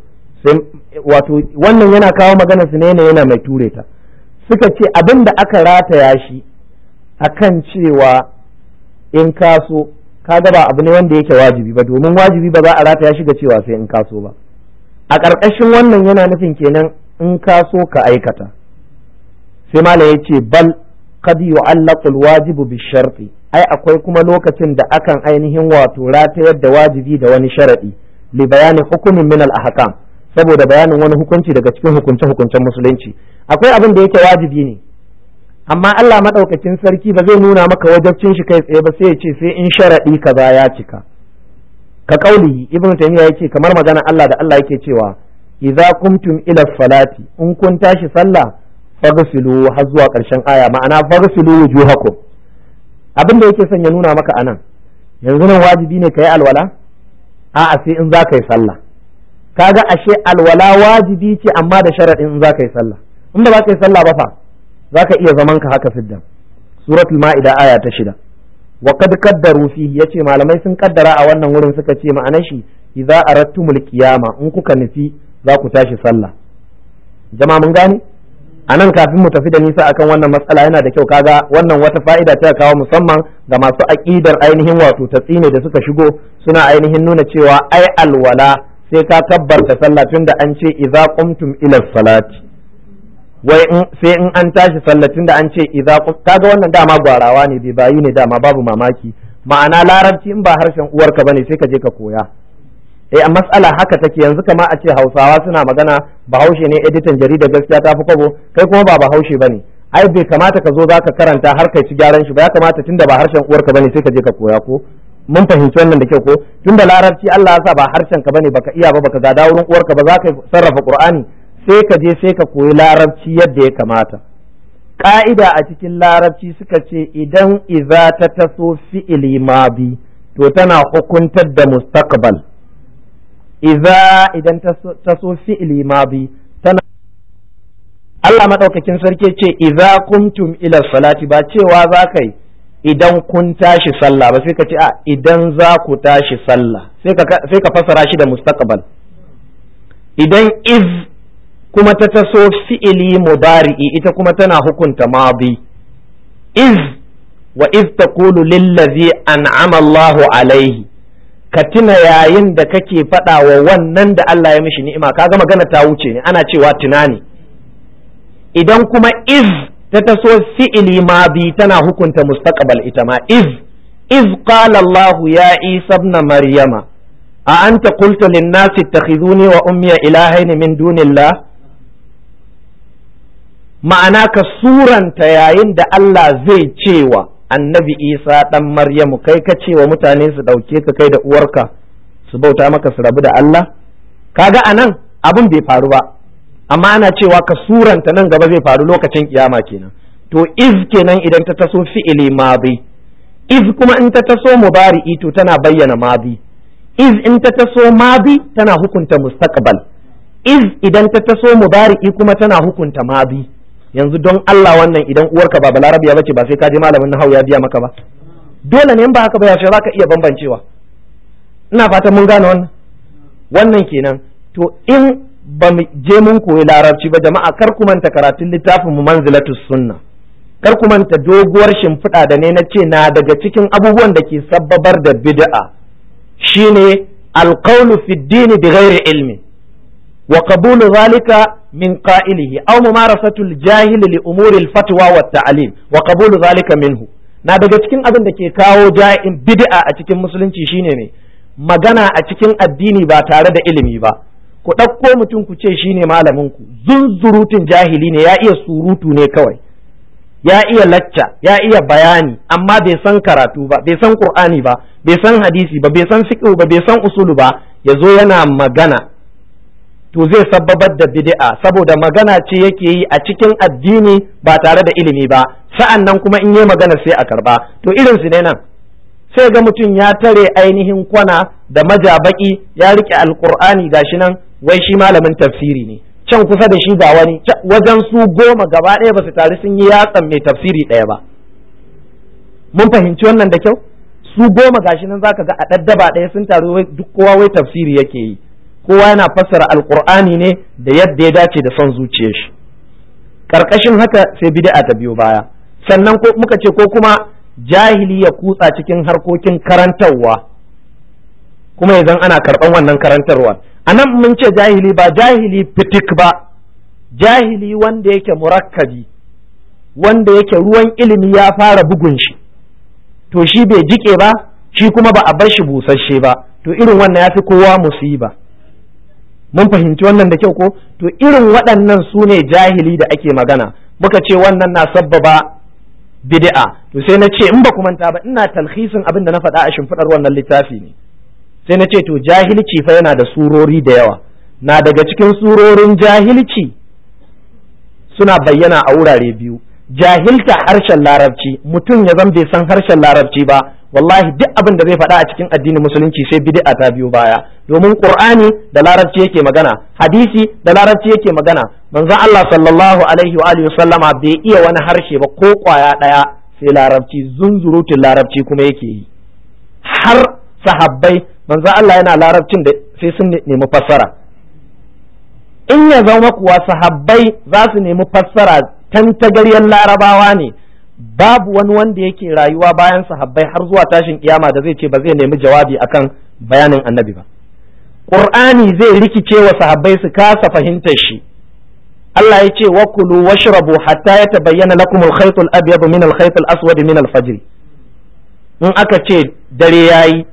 sai wato wannan yana kawo magana su ne yana mai ture ta suka ce abin da aka rataya shi akan cewa in kaso kaga ba abu ne wanda yake wajibi ba domin wajibi ba za a rataya shi ga cewa sai in kaso ba a ƙarƙashin wannan yana nufin kenan in kaso ka aikata sai mala ya ce bal kad yu'allaqul wajibu bi sharti ai akwai kuma lokacin da akan ainihin wato ratayar da wajibi da wani sharadi li bayanin hukumin min al ahkam saboda bayanin wani hukunci daga cikin hukunce hukuncen musulunci akwai abin da yake wajibi ne amma Allah madaukakin sarki ba zai nuna maka wajabcin shi kai tsaye ba sai ya ce sai in sharadi kaza ya cika ka kauli ibnu taymiya yake kamar magana Allah da Allah yake cewa idza kumtum ila salati in kun tashi sallah faghsilu har zuwa karshen aya ma'ana faghsilu wujuhakum abin da yake son ya nuna maka anan yanzu nan wajibi ne ka alwala a'a sai in za ka yi sallah ga ashe alwala wajibi ce amma da sharaɗin in za ka yi sallah in ba za ka yi sallah ba fa za ka iya zaman ka haka fidda suratul ma'ida aya ta shida wa qad qaddaru fi yace malamai sun kaddara a wannan wurin suka ce ma'ana shi idza aradtumul qiyama in kuka nufi za ku tashi sallah jama'a mun gane anan kafin mu tafi da nisa akan wannan matsala yana da kyau kaga wannan wata fa'ida ta kawo musamman ga masu aƙidar ainihin wato tatsine da suka shigo suna ainihin nuna cewa ai alwala sai ka kabbarta sallah tun da an ce idza qumtum ila salati wai sai in an tashi sallah tun da an ce idza kaga wannan dama gwarawa ne bai bayu ne dama babu mamaki ma'ana larabci in ba harshen uwarka bane sai ka je ka koya eh a matsala haka take yanzu kama a ce hausawa suna magana bahaushe ne editan jarida gaskiya ta fi kwabo kai kuma ba bahaushe ba ne ai bai kamata ka zo za ka karanta har kai ci gyaran shi ba ya kamata tunda ba harshen uwarka bane sai ka je ka koya ko mun fahimci wannan da kyau ko tunda larabci Allah ya sa ba harshen ka ba bane baka iya ba baka gada wurin uwarka ba za ka sarrafa Qur'ani sai ka je sai ka koyi larabci yadda ya kamata ka'ida a cikin larabci suka ce idan iza ta taso fi'ili ma bi to tana hukuntar da mustaqbal idza idan ta so fi'li madi tana Allah madaukakin sarki ce idza kuntum ila salati ba cewa za ka yi idan kun tashi sallah ba sai ka ce a idan za ku tashi sallah sai ka fasara shi da mustaqbal idan iz kuma ta taso fi'ili mudari'i ita kuma tana hukunta madi iz wa iz taqulu lillazi an'ama Allahu alaihi ka tuna yayin da kake faɗa wa wannan da Allah ya mishi ni'ima Ka kaga magana ta wuce ne ana cewa tunani idan kuma iz ta taso fi'ili ma bi tana hukunta mustaqbal ita ma iz iz qala Allah ya Isa ibn Maryama a anta qulta lin nas ittakhiduni wa ummi ilahaini min dunillah ma'ana ka suranta yayin da Allah zai cewa annabi isa ɗan maryamu kai ka cewa mutane su ɗauke ka kai da uwarka su bauta maka su rabu da allah kaga a nan abin bai faru ba amma ana cewa ka suranta nan gaba zai faru lokacin kiyama kenan to iz kenan idan ta taso fi'ili madi iz kuma in ta taso mubari'i to tana bayyana madi iz in ta taso madi tana hukunta mustaqbal iz idan ta taso mubari'i kuma tana hukunta madi yanzu don Allah wannan idan uwarka ba balarabiya bace ba sai ka je malamin nahau ya biya maka ba dole ne in ba haka ba yaushe zaka iya bambancewa ina fatan mun gane wannan wannan kenan to in ba mu je mun koyi larabci ba jama'a kar ku manta karatun littafin mu manzilatus sunna kar ku manta doguwar shimfiɗa da ne na ce na daga cikin abubuwan da ke sabbabar da bid'a shine alqaulu fid dini bi ghairi ilmin wa qabulu zalika min qa'ilihi aw mumarasatu al-jahil li umuri al-fatwa wa at-ta'lim zalika minhu na daga cikin abin da ke kawo ja'in bid'a a cikin musulunci shine ne magana a cikin addini ba tare da ilimi ba ku ɗauko mutum ku ce shine malamin ku zunzurutun jahili ne ya iya surutu ne kawai ya iya lacca ya iya bayani amma bai san karatu ba bai san qur'ani ba bai san hadisi ba bai san fiqh ba bai san usulu ba yazo yana magana to zai sababar da bid'a saboda magana ce yake yi a cikin addini ba tare da ilimi ba sa'an nan kuma in yi magana sai a karba to irin su ne nan sai ga mutum ya tare ainihin kwana da majabaki ya rike alqur'ani gashi nan wai shi malamin tafsiri ne can kusa da shi ba wani wajen su goma gaba ɗaya ba su tare sun yi yatsan mai tafsiri ɗaya ba mun fahimci wannan da kyau su goma gashi nan zaka ga a ɗaddaba ɗaya sun taru duk kowa wai tafsiri yake yi kowa yana fassara alqur'ani ne da yadda ya dace da son zuciyar shi karkashin haka sai bid'a ta biyo baya sannan ko muka ce ko kuma jahili ya kutsa cikin harkokin karantarwa kuma idan ana karɓar wannan karantarwa anan mun ce jahili ba jahili fitik ba jahili wanda yake murakkabi wanda yake ruwan ilimi ya fara bugun shi to shi bai jike ba shi kuma ba a bar shi busasshe ba to irin wannan ya fi kowa musiba mun fahimci wannan da kyau ko to irin waɗannan su ne jahili da ake magana muka ce wannan na sabbaba bid'a to sai na ce in ba ku manta ba ina talhisin abin da na faɗa a shimfiɗar wannan littafi ne sai na ce to jahilci fa yana da surori da yawa na daga cikin surorin jahilci suna bayyana a wurare biyu jahilta harshen larabci mutum ya zan bai san harshen larabci ba wallahi duk abin da zai faɗa a cikin addinin musulunci sai bid'a ta biyu baya domin qur'ani da larabci yake magana hadisi da larabci yake magana manzo Allah sallallahu alaihi wa alihi sallama bai iya wani harshe ba ko kwaya daya sai larabci zunzurutun larabci kuma yake yi har sahabbai manzo Allah yana larabcin da sai sun nemi fassara in ya zama kuwa sahabbai za su nemi fassara tantagaryar larabawa ne babu wani wanda yake rayuwa bayan sahabbai har zuwa tashin kiyama da zai ce ba zai nemi jawabi akan bayanin annabi ba qur'ani zai rikice wa sahabbai su kasa fahimtar shi Allah ya ce wa kulu washrabu hatta yatabayyana lakum al-khayt al-abyad min al-khayt al-aswad min al-fajr in aka ce dare yayi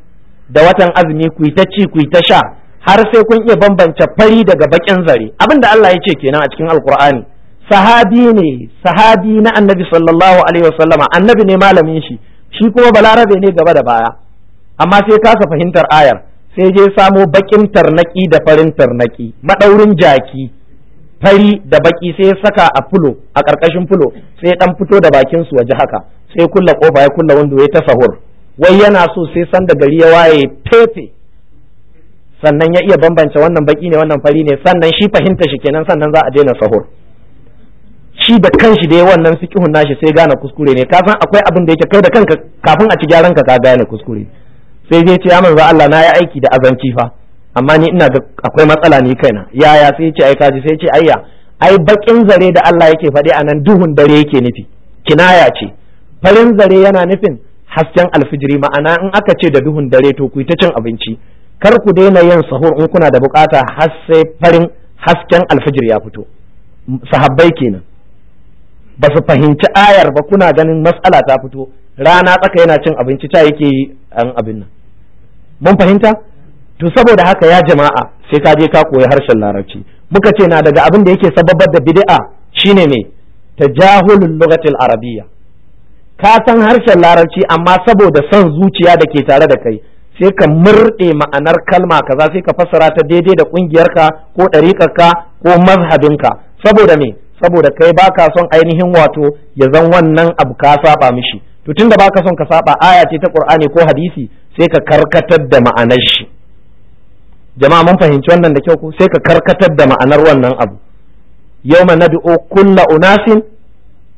da watan azumi ku ta ci ku ta sha har sai kun iya bambance fari daga bakin zare abinda Allah ya ce kenan a cikin alqur'ani sahabi ne sahabi na annabi sallallahu alaihi wasallama annabi ne malamin shi shi kuma balarabe ne gaba da baya amma sai kasa fahimtar ayar sai je samo bakin tarnaki da farin tarnaki madaurin jaki fari da baki sai saka a fulo a ƙarƙashin fulo sai ya dan fito da bakin su waje haka sai kulla kofa ya kulla wando ya ta sahur wai yana so sai san da gari ya waye fefe sannan ya iya bambance wannan baki ne wannan fari ne sannan shi fahimta shi kenan sannan za a daina sahur shi da kanshi da ya wannan fiqhun nashi sai gane kuskure ne ka san akwai abin da yake kai da kanka kafin a ci gyaran ka ka gane kuskure sai zai ce ya manzo Allah na yi aiki da azanci fa amma ni ina ga akwai matsala ni kaina yaya sai ce ai kaji sai ce ayya ai bakin zare da Allah yake faɗi a nan duhun dare yake nufi kinaya ce farin zare yana nufin hasken alfijiri ma'ana in aka ce da duhun dare to ku ta cin abinci kar ku daina yin sahur in kuna da bukata har sai farin hasken alfijiri ya fito sahabbai kenan ba su fahimci ayar ba kuna ganin matsala ta fito rana tsaka yana cin abinci ta yake yi an abin nan mun fahimta to saboda haka ya jama'a sai ka je ka koyi harshen larabci muka ce na daga abin da yake sababar da bid'a shine me tajahulul lughatil arabiyya ka san harshen larabci amma saboda son zuciya da ke tare da kai sai ka murɗe ma'anar kalma kaza sai ka fassara ta daidai da ƙungiyarka ko ɗariƙarka ko mazhabinka saboda me saboda kai ba ka son ainihin wato ya zan wannan abu ka saba mishi to tunda ka son ka saba aya ce ta ƙur'ani ko hadisi sai ka karkatar da ma'anar shi jama'a mun fahimci wannan da kyau ko sai ka karkatar da ma'anar wannan abu yawma nad'u kulla unasin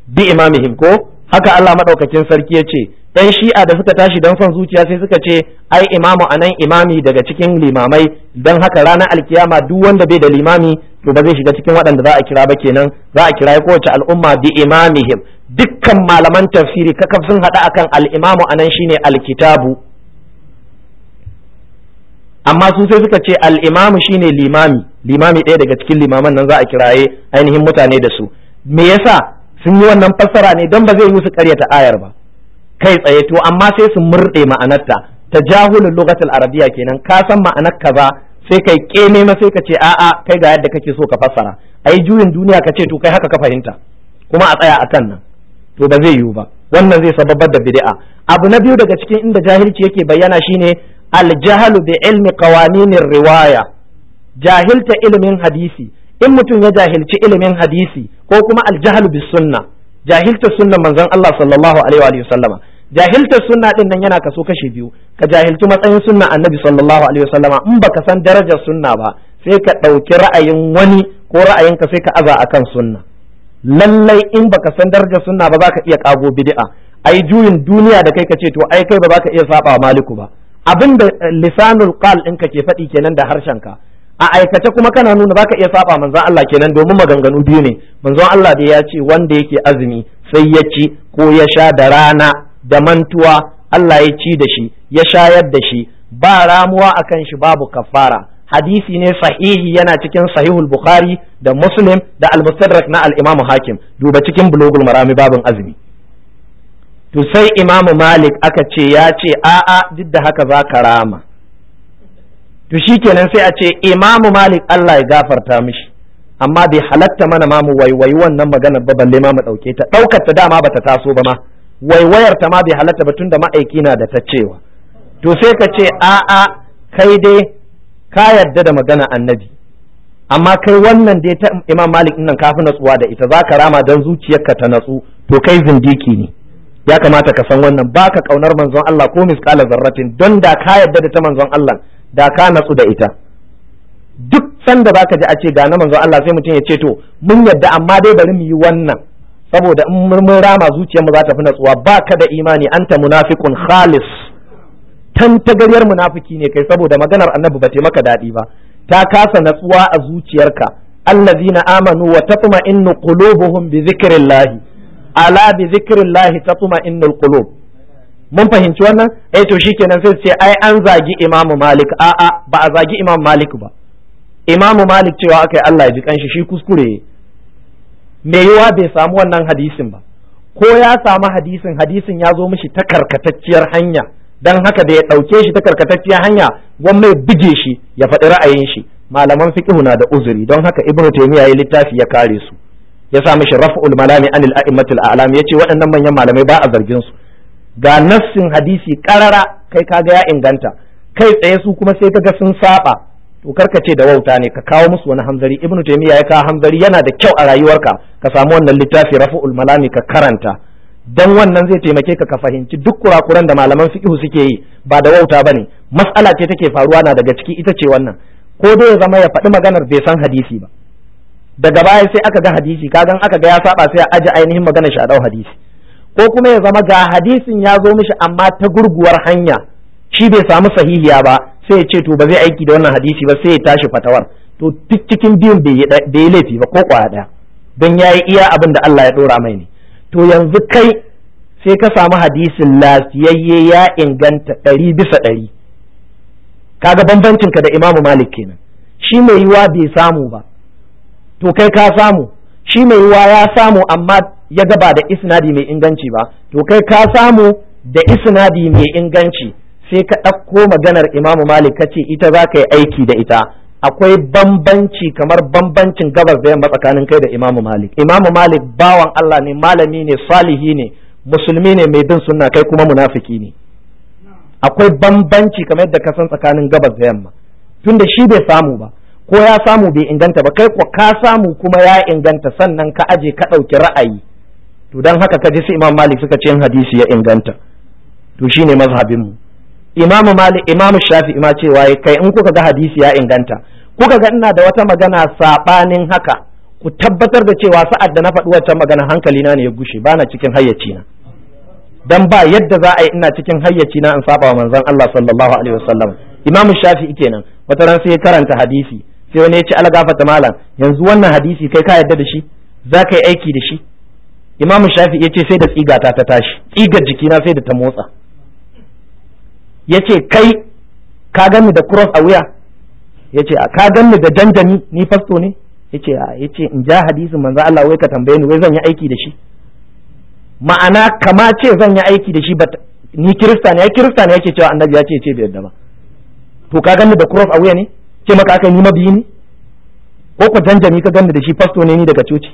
bi imamihim ko haka Allah madaukakin sarki ya ce ɗan shi'a da suka tashi don son zuciya sai suka ce ai imamu anan imami daga cikin limamai don haka ranar alkiyama duk wanda bai da limami to ba zai shiga cikin waɗanda za a kira ba kenan za a kira kowace al'umma bi imamihim dukkan malaman tafsiri kakaf sun haɗa akan al'imamu anan shine alkitabu amma su sai suka ce al'imamu shine limami limami ɗaya daga cikin limaman nan za a kiraye ainihin mutane da su me yasa sun yi wannan fassara ne don ba zai musu karyata ayar ba kai tsaye to amma sai su murɗe ma'anarta Ta jahulun lokacin arabiya kenan ka san ma'anar ba sai kai keme ma sai ka ce a'a kai ga yadda kake so ka fassara ai juyin duniya ka ce to kai haka ka fahimta kuma a tsaya akan nan to ba zai yiwu ba wannan zai sababar da bidi'a. abu na biyu daga cikin inda jahilci yake bayyana shine aljahalu bi ilmi qawaninir riwaya jahilta ilimin hadisi in mutum ya jahilci ilimin hadisi ko kuma aljahlu bis sunna jahilta sunnan manzon Allah sallallahu alaihi wa sallama jahilta sunna din nan yana kaso kashe biyu ka jahiltu matsayin sunna annabi sallallahu alaihi wa sallama in baka san darajar sunna ba sai ka ɗauki ra'ayin wani ko ra'ayinka sai ka aza akan sunna lallai in baka san darajar sunna ba zaka iya kago bid'a ai juyin duniya da kai ka ce to ai kai ba zaka iya saba wa maliku ba abinda eh, lisanul qal ka ke faɗi kenan da harshenka a aikace kuma kana nuna baka iya saba manzon Allah kenan domin maganganu biyu ne manzon Allah dai ya ce wanda yake azumi sai ya ci ko ya sha da rana da mantuwa Allah ya ci da shi ya shayar da shi ba ramuwa akan shi babu kafara hadisi ne sahihi yana cikin sahihul bukhari da muslim da al-mustadrak na al-imamu hakim duba cikin bulogul marami babin azumi to sai imamu malik aka ce ya ce a'a duk da haka zaka rama to shikenan sai a ce imamu malik Allah ya gafarta mishi amma bai halatta mana ma mu waiwayi wannan maganar ba balle ma mu dauke ta daukar ta dama bata taso ba ma waiwayar ta ma bai halatta ba tunda ma'aiki na da ta cewa to sai ka ce a'a kai dai ka yarda da magana annabi amma kai wannan dai ta imam malik nan kafi natsuwa da ita zaka rama dan zuciyarka ta natsu to kai zindiki ne ya kamata ka san wannan baka kaunar manzon Allah ko misqala zarratin don da ka yarda da ta manzon Allah da ka natsu da ita duk sanda baka ji a ce ga na manzon Allah sai mutum ya ce to mun yadda amma dai bari mu yi wannan saboda in mun rama zuciyar mu za ta fi natsuwa ba ka da imani anta munafiqun khalis tan tagaryar munafiki ne kai saboda maganar annabi ba ta maka daɗi ba ta kasa natsuwa a zuciyarka allazina amanu wa tatma'innu qulubuhum bi dhikrillah ala bi dhikrillah tatma'innu alqulub mun fahimci wannan eh to shi shikenan sai su ce ai an zagi imamu malik a a ba a zagi imamu malik ba imamu malik cewa akai Allah ya ji kanshi shi kuskure me yiwa bai samu wannan hadisin ba ko ya samu hadisin hadisin ya zo mishi ta karkatacciyar hanya dan haka da ya ɗauke shi ta karkatacciyar hanya mai bige shi ya faɗi ra'ayin shi malaman fiqh na da uzuri don haka ibnu taymiya ya littafi ya kare su ya sa mishi raf'ul malami anil a'immatil a'lam yace waɗannan manyan malamai ba a zargin su ga nassin hadisi karara kai kaga ya inganta kai tsaye su kuma sai ga sun saba to karka ce da wauta ne ka kawo musu wani hanzari ibnu taymiya ya kawo hanzari yana da kyau a rayuwarka ka samu wannan littafi rafu'ul malami ka karanta dan wannan zai taimake ka ka fahimci duk kurakuran da malaman fiqh suke yi ba da wauta bane mas'ala ce take faruwa na daga ciki ita ce wannan ko dai ya zama ya faɗi maganar bai san hadisi ba daga baya sai aka ga hadisi kagan aka ga ya saba sai a aji ainihin maganar shi a dau hadisi ko kuma ya zama ga hadisin ya zo mishi amma ta gurguwar hanya shi bai samu sahihiya ba sai ya ce to ba zai aiki da wannan hadisi ba sai ya tashi fatawar to duk cikin biyun bai yi laifi ba ko kwaya ɗaya don ya yi iya abin da Allah ya ɗora mai ne to yanzu kai sai ka samu hadisin lafiyayye ya inganta ɗari bisa ɗari kaga bambancinka da imamu malik kenan shi mai yiwa bai samu ba to kai ka samu shi mai ruwa ya samu amma ya gaba da isnadi mai inganci ba to kai ka samu da isnadi mai inganci sai ka ɗauko maganar imamu malik ka ce ita za ka yi aiki da ita akwai bambanci kamar bambancin gabas da yamma tsakanin kai da imamu malik imamu malik bawan allah ne malami ne salihi ne musulmi ne mai bin sunna kai kuma munafiki ne akwai bambanci kamar yadda ka san tsakanin gabas da yamma tunda shi bai samu ba ko ya samu bai inganta ba kai ko ka samu kuma ya inganta sannan ka aje ka ɗauki ra'ayi to don haka ka ji su imam malik suka ce hadisi ya inganta to shine mazhabin mu Imam malik imamu shafi ima cewa kai in kuka ga hadisi ya inganta kuka ga ina da wata magana sabanin haka ku tabbatar da cewa sa'ad da na faɗi wancan magana hankali na ne ya gushe bana cikin hayyaci na dan ba yadda za a yi ina cikin hayyaci na in saba wa manzon Allah sallallahu alaihi wasallam imam shafi kenan wata ran sai karanta hadisi sai wani ya ce ala gafata malam yanzu wannan hadisi kai ka yadda da shi za ka yi aiki da shi imam shafi ya ce sai da tsigata ta tashi tsigar jikina sai da ta motsa ya ce kai ka gani da cross a wuya ya ce ka gani da janjani ni fasto ne ya ce ya ce in ja hadisin manzo Allah wai ka tambaye ni wai zan yi aiki da shi ma'ana kama ce zan yi aiki da shi ba ni kirista ne ya kirista ne yake cewa annabi ya ce ce bai yadda ba to ka gani da cross a wuya ne ce maka aka ni mabiyi ne ko ku janjami ka ganda da shi fasto ne ni daga coci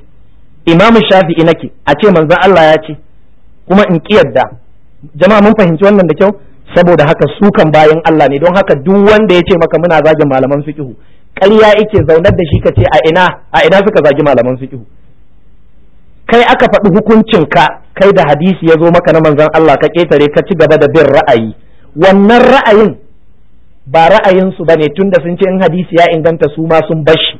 imamu shafi'i nake a ce manzon Allah ya ce kuma in ki yadda jama'a mun fahimci wannan da kyau saboda haka sukan bayan Allah ne don haka duk wanda ya ce maka muna zagin malaman fiqhu ƙarya yake zaunar da shi ka ce a ina a ina suka zagi malaman fiqhu kai aka faɗi hukuncin ka kai da hadisi ya zo maka na manzon Allah ka ƙetare ka ci gaba da bin ra'ayi wannan ra'ayin ba ra'ayinsu ba ne tun da sun ce in hadisi ya inganta su ma sun bashi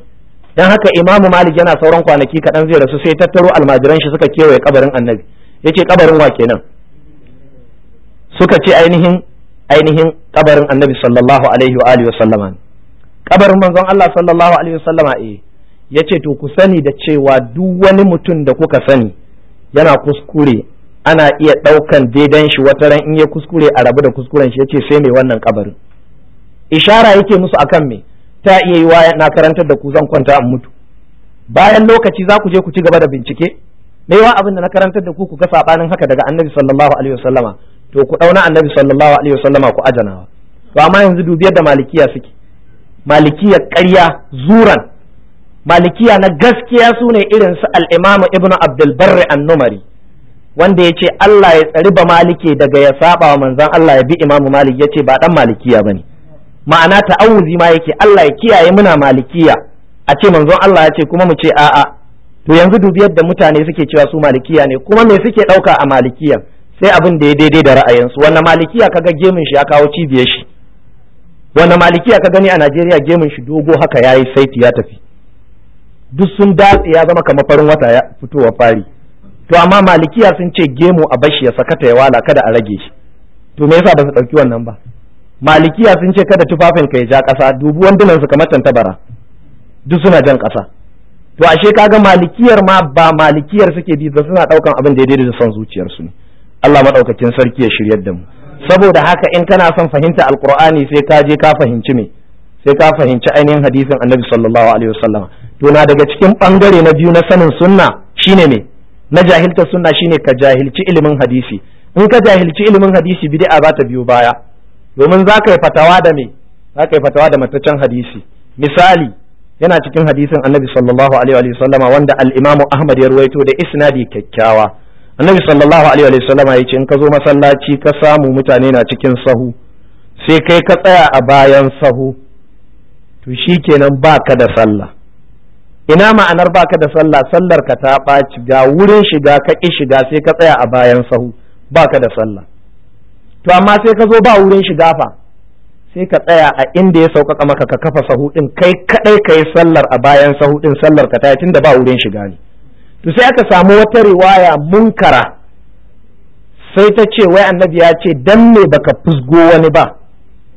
Don haka imamu malik yana sauran kwanaki kaɗan zai rasu sai tattaro almajiran shi suka kewaye kabarin annabi Ya ce kabarin wa kenan suka ce ainihin ainihin kabarin annabi sallallahu alaihi wa alihi sallama kabarin manzon Allah sallallahu alaihi sallama. eh ce to ku sani da cewa duk wani mutum da kuka sani yana kuskure ana iya ɗaukan daidan shi wata ran in ya kuskure a rabu da kuskuren shi Ya ce sai mai wannan kabarin ishara yake musu akan me ta iya yi na karantar da ku zan kwanta in mutu bayan lokaci za ku je ku ci gaba da bincike me yawa abin da na karantar da ku ku ga sabanin haka daga annabi sallallahu alaihi wasallama to ku dauna annabi sallallahu alaihi wasallama ku ajanawa to amma yanzu dubiyar da malikiya suke malikiya ƙarya zuran malikiya na gaskiya su ne irin su al al'imamu ibn abdulbarri annumari wanda ya ce Allah ya tsari ba malike daga ya saba wa manzan Allah ya bi imamu malik ya ce ba dan malikiya bane ma'ana ta'awuzi ma yake Allah ya kiyaye muna malikiya a ce manzon Allah ya ce kuma mu ce a'a to yanzu dubi yadda mutane suke cewa su malikiya ne kuma me suke ɗauka a malikiyan sai abin da ya daidai da ra'ayinsu wanda malikiya kaga gemin shi ya kawo cibiyar shi wanda malikiya ka gani a Najeriya gemin shi dogo haka yayi saiti ya tafi duk sun datse ya zama kamar farin wata ya fitowa fari to amma malikiya sun ce gemu a bashi ya sakata ya wala kada a rage shi to me yasa ba su ɗauki wannan ba malikiya sun ce kada tufafin ka ya ja ƙasa dubu wandunan su kamar tantabara duk suna jan ƙasa to ashe kaga malikiyar ma ba malikiyar suke bi suna ɗaukan abin da daidai da son zuciyarsu ne Allah maɗaukakin sarki ya shiryar da mu saboda haka in kana son fahimta alqur'ani sai ka je ka fahimci me sai ka fahimci ainihin hadisin annabi sallallahu alaihi wasallam to na daga cikin bangare na biyu na sanin sunna shine me na jahilta sunna shine ka jahilci ilimin hadisi in ka jahilci ilimin hadisi bid'a za ta biyo baya domin za ka yi fatawa da me za ka yi fatawa da mataccen hadisi misali yana cikin hadisin annabi sallallahu alaihi wa sallama wanda al imam ahmad ya ruwaito da isnadi kyakkyawa annabi sallallahu alaihi wa sallama ya ce in ka zo masallaci ka samu mutane na cikin sahu sai kai ka tsaya a bayan sahu to shikenan baka da sallah ina ma'anar baka da sallah sallar ka ta ɓaci ga wurin shiga ka ƙi shiga sai ka tsaya a bayan sahu baka da sallah to amma sai ka zo ba wurin shiga fa sai ka tsaya a inda ya sauƙaƙa maka ka kafa sahuɗin kai kaɗai ka yi sallar a bayan sahuɗin sallar ka taya tunda ba wurin shiga ne to sai aka samu wata riwaya munkara sai ta ce wai annabi ya ce dan me baka fusgo wani ba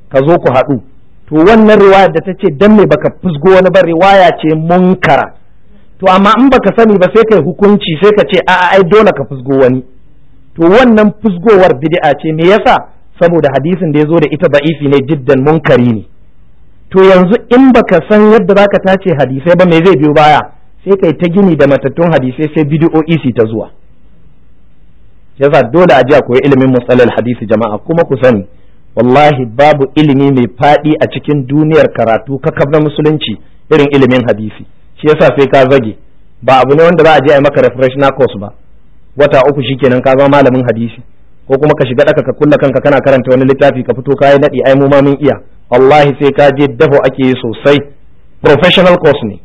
ka zo ku haɗu to wannan riwaya da ta ce dan me baka fusgo wani ba riwaya ce munkara to amma in baka sani ba sai kai hukunci sai ka ce a'a ai dole ka fusgo wani to wannan fusgowar bid'a ce me yasa saboda hadisin da ya zo da ita ba'ifi ne jiddan munkari ne to yanzu in baka san yadda zaka tace hadisai ba me zai biyo baya sai kai ta gini da matattun hadisai sai bid'o'i su ta zuwa yasa dole a jiya koyi ilimin matsalar hadisi jama'a kuma ku sani wallahi babu ilimi mai faɗi a cikin duniyar karatu ka na musulunci irin ilimin hadisi shi yasa sai ka zage ba abu ne wanda za a je a yi maka refreshna course ba wata uku shi shikenan ka zama malamin hadisi ko kuma ka shiga daka ka kulla kanka kana karanta wani littafi ka fito kai nadi ai mu ma mun iya wallahi sai ka je dafo ake yi sosai professional course ne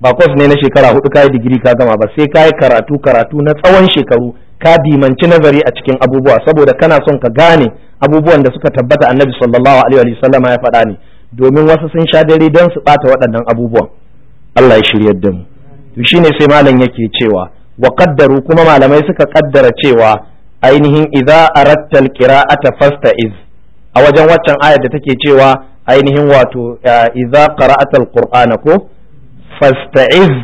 ba course ne na shekara hudu kayi digiri ka gama ba sai kayi karatu karatu na tsawon shekaru ka dimanci nazari a cikin abubuwa saboda kana son ka gane abubuwan da suka tabbata annabi sallallahu alaihi wa sallama ya faɗa ne domin wasu sun sha dare don su bata waɗannan abubuwan Allah ya shiryar da mu to shine sai malam yake cewa wa qaddaru kuma malamai suka ƙaddara cewa ainihin idza aratta alqira'ata fasta'iz a wajen waccan ayar da take cewa ainihin wato idza qara'ata alqur'ana ko fasta'iz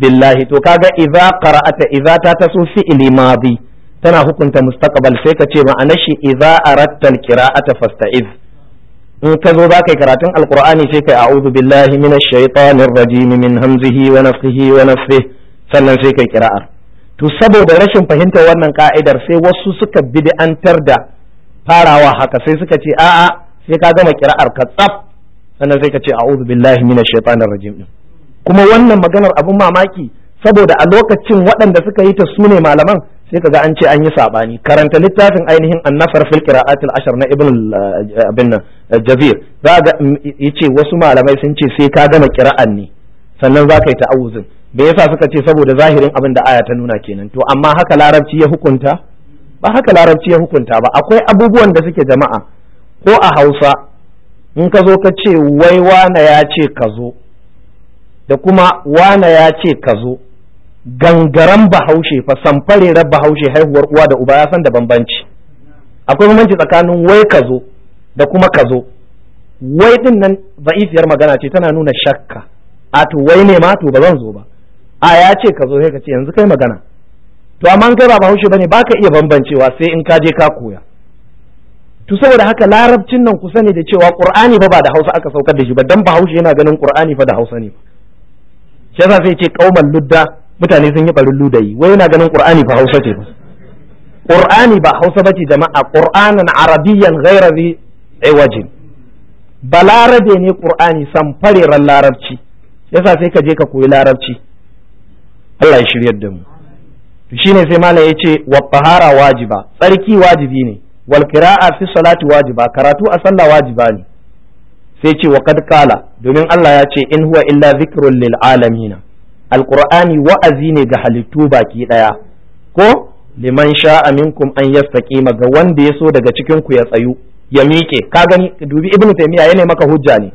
billahi to kaga idza qara'ata idza ta taso fi'li madi tana hukunta mustaqbal sai ka ce ma'anar shi idza aratta alqira'ata fasta'iz in ka zo za ka yi karatun alkur'ani sai ka yi a'udhu billahi minash shaitanir rajim min hamzihi wa wa sannan sai kai kira'ar to saboda rashin fahimtar wannan ka'idar sai wasu suka bid'antar da farawa haka sai suka ce a'a sai ka gama kira'ar ka tsaf sannan sai ka ce a'udhu billahi minash shaitanir rajim kuma wannan maganar abun mamaki saboda a lokacin waɗanda suka yi ta sune malaman sai kaga an ce an yi sabani karanta littafin ainihin annasar fil qira'atil ashar na ibn eh, abin nan eh, jazir za ga mm, yace wasu malamai sun ce sai ka gama qira'an ne sannan za ka yi ta'awuzin me yasa suka ce saboda zahirin abin da aya ta nuna kenan to amma haka larabci ya hukunta ba haka larabci ya hukunta ba akwai abubuwan da suke jama'a ko a Hausa in ka zo ka ce wai wana ya ce ka zo da kuma wana ya ce ka zo gangaren bahaushe fa samfare samfarerar bahaushe haihuwar uwa da uba ya san da bambanci akwai bambanci tsakanin wai ka zo da kuma ka zo wai din nan za'ifiyar magana ce tana nuna shakka a to wai ne ma to ba zan zo ba a ya ce ka zo sai ka ce yanzu kai magana to amma kai ba bahaushe bane baka iya bambancewa sai in ka je ka koya to saboda haka larabcin nan ku sani da cewa qur'ani fa ba da hausa aka saukar da shi ba dan bahaushe yana ganin qur'ani fa da hausa ne shi yasa sai ce kauman ludda mutane sun yi barin ludayi wai yana ganin qur'ani fa hausa ce qur'ani ba hausa bace jama'a qur'anan arabiyyan ghayra bi iwajin balarabe ne qur'ani san fareran larabci yasa sai ka je ka koyi larabci Allah ya shirya da mu to shine sai malam ya wa tahara wajiba tsarki wajibi ne wal qira'a fi salati wajiba karatu a sallah wajiba ne sai ce wa kad kala domin Allah ya ce in huwa illa zikrun lil alamin alqur'ani wa'azi ne ga halittu baki daya ko liman sha'a minkum an yastaqima ga wanda ya so daga cikin ku ya tsayu ya miƙe ka gani dubi ibnu taymiya yana maka hujja ne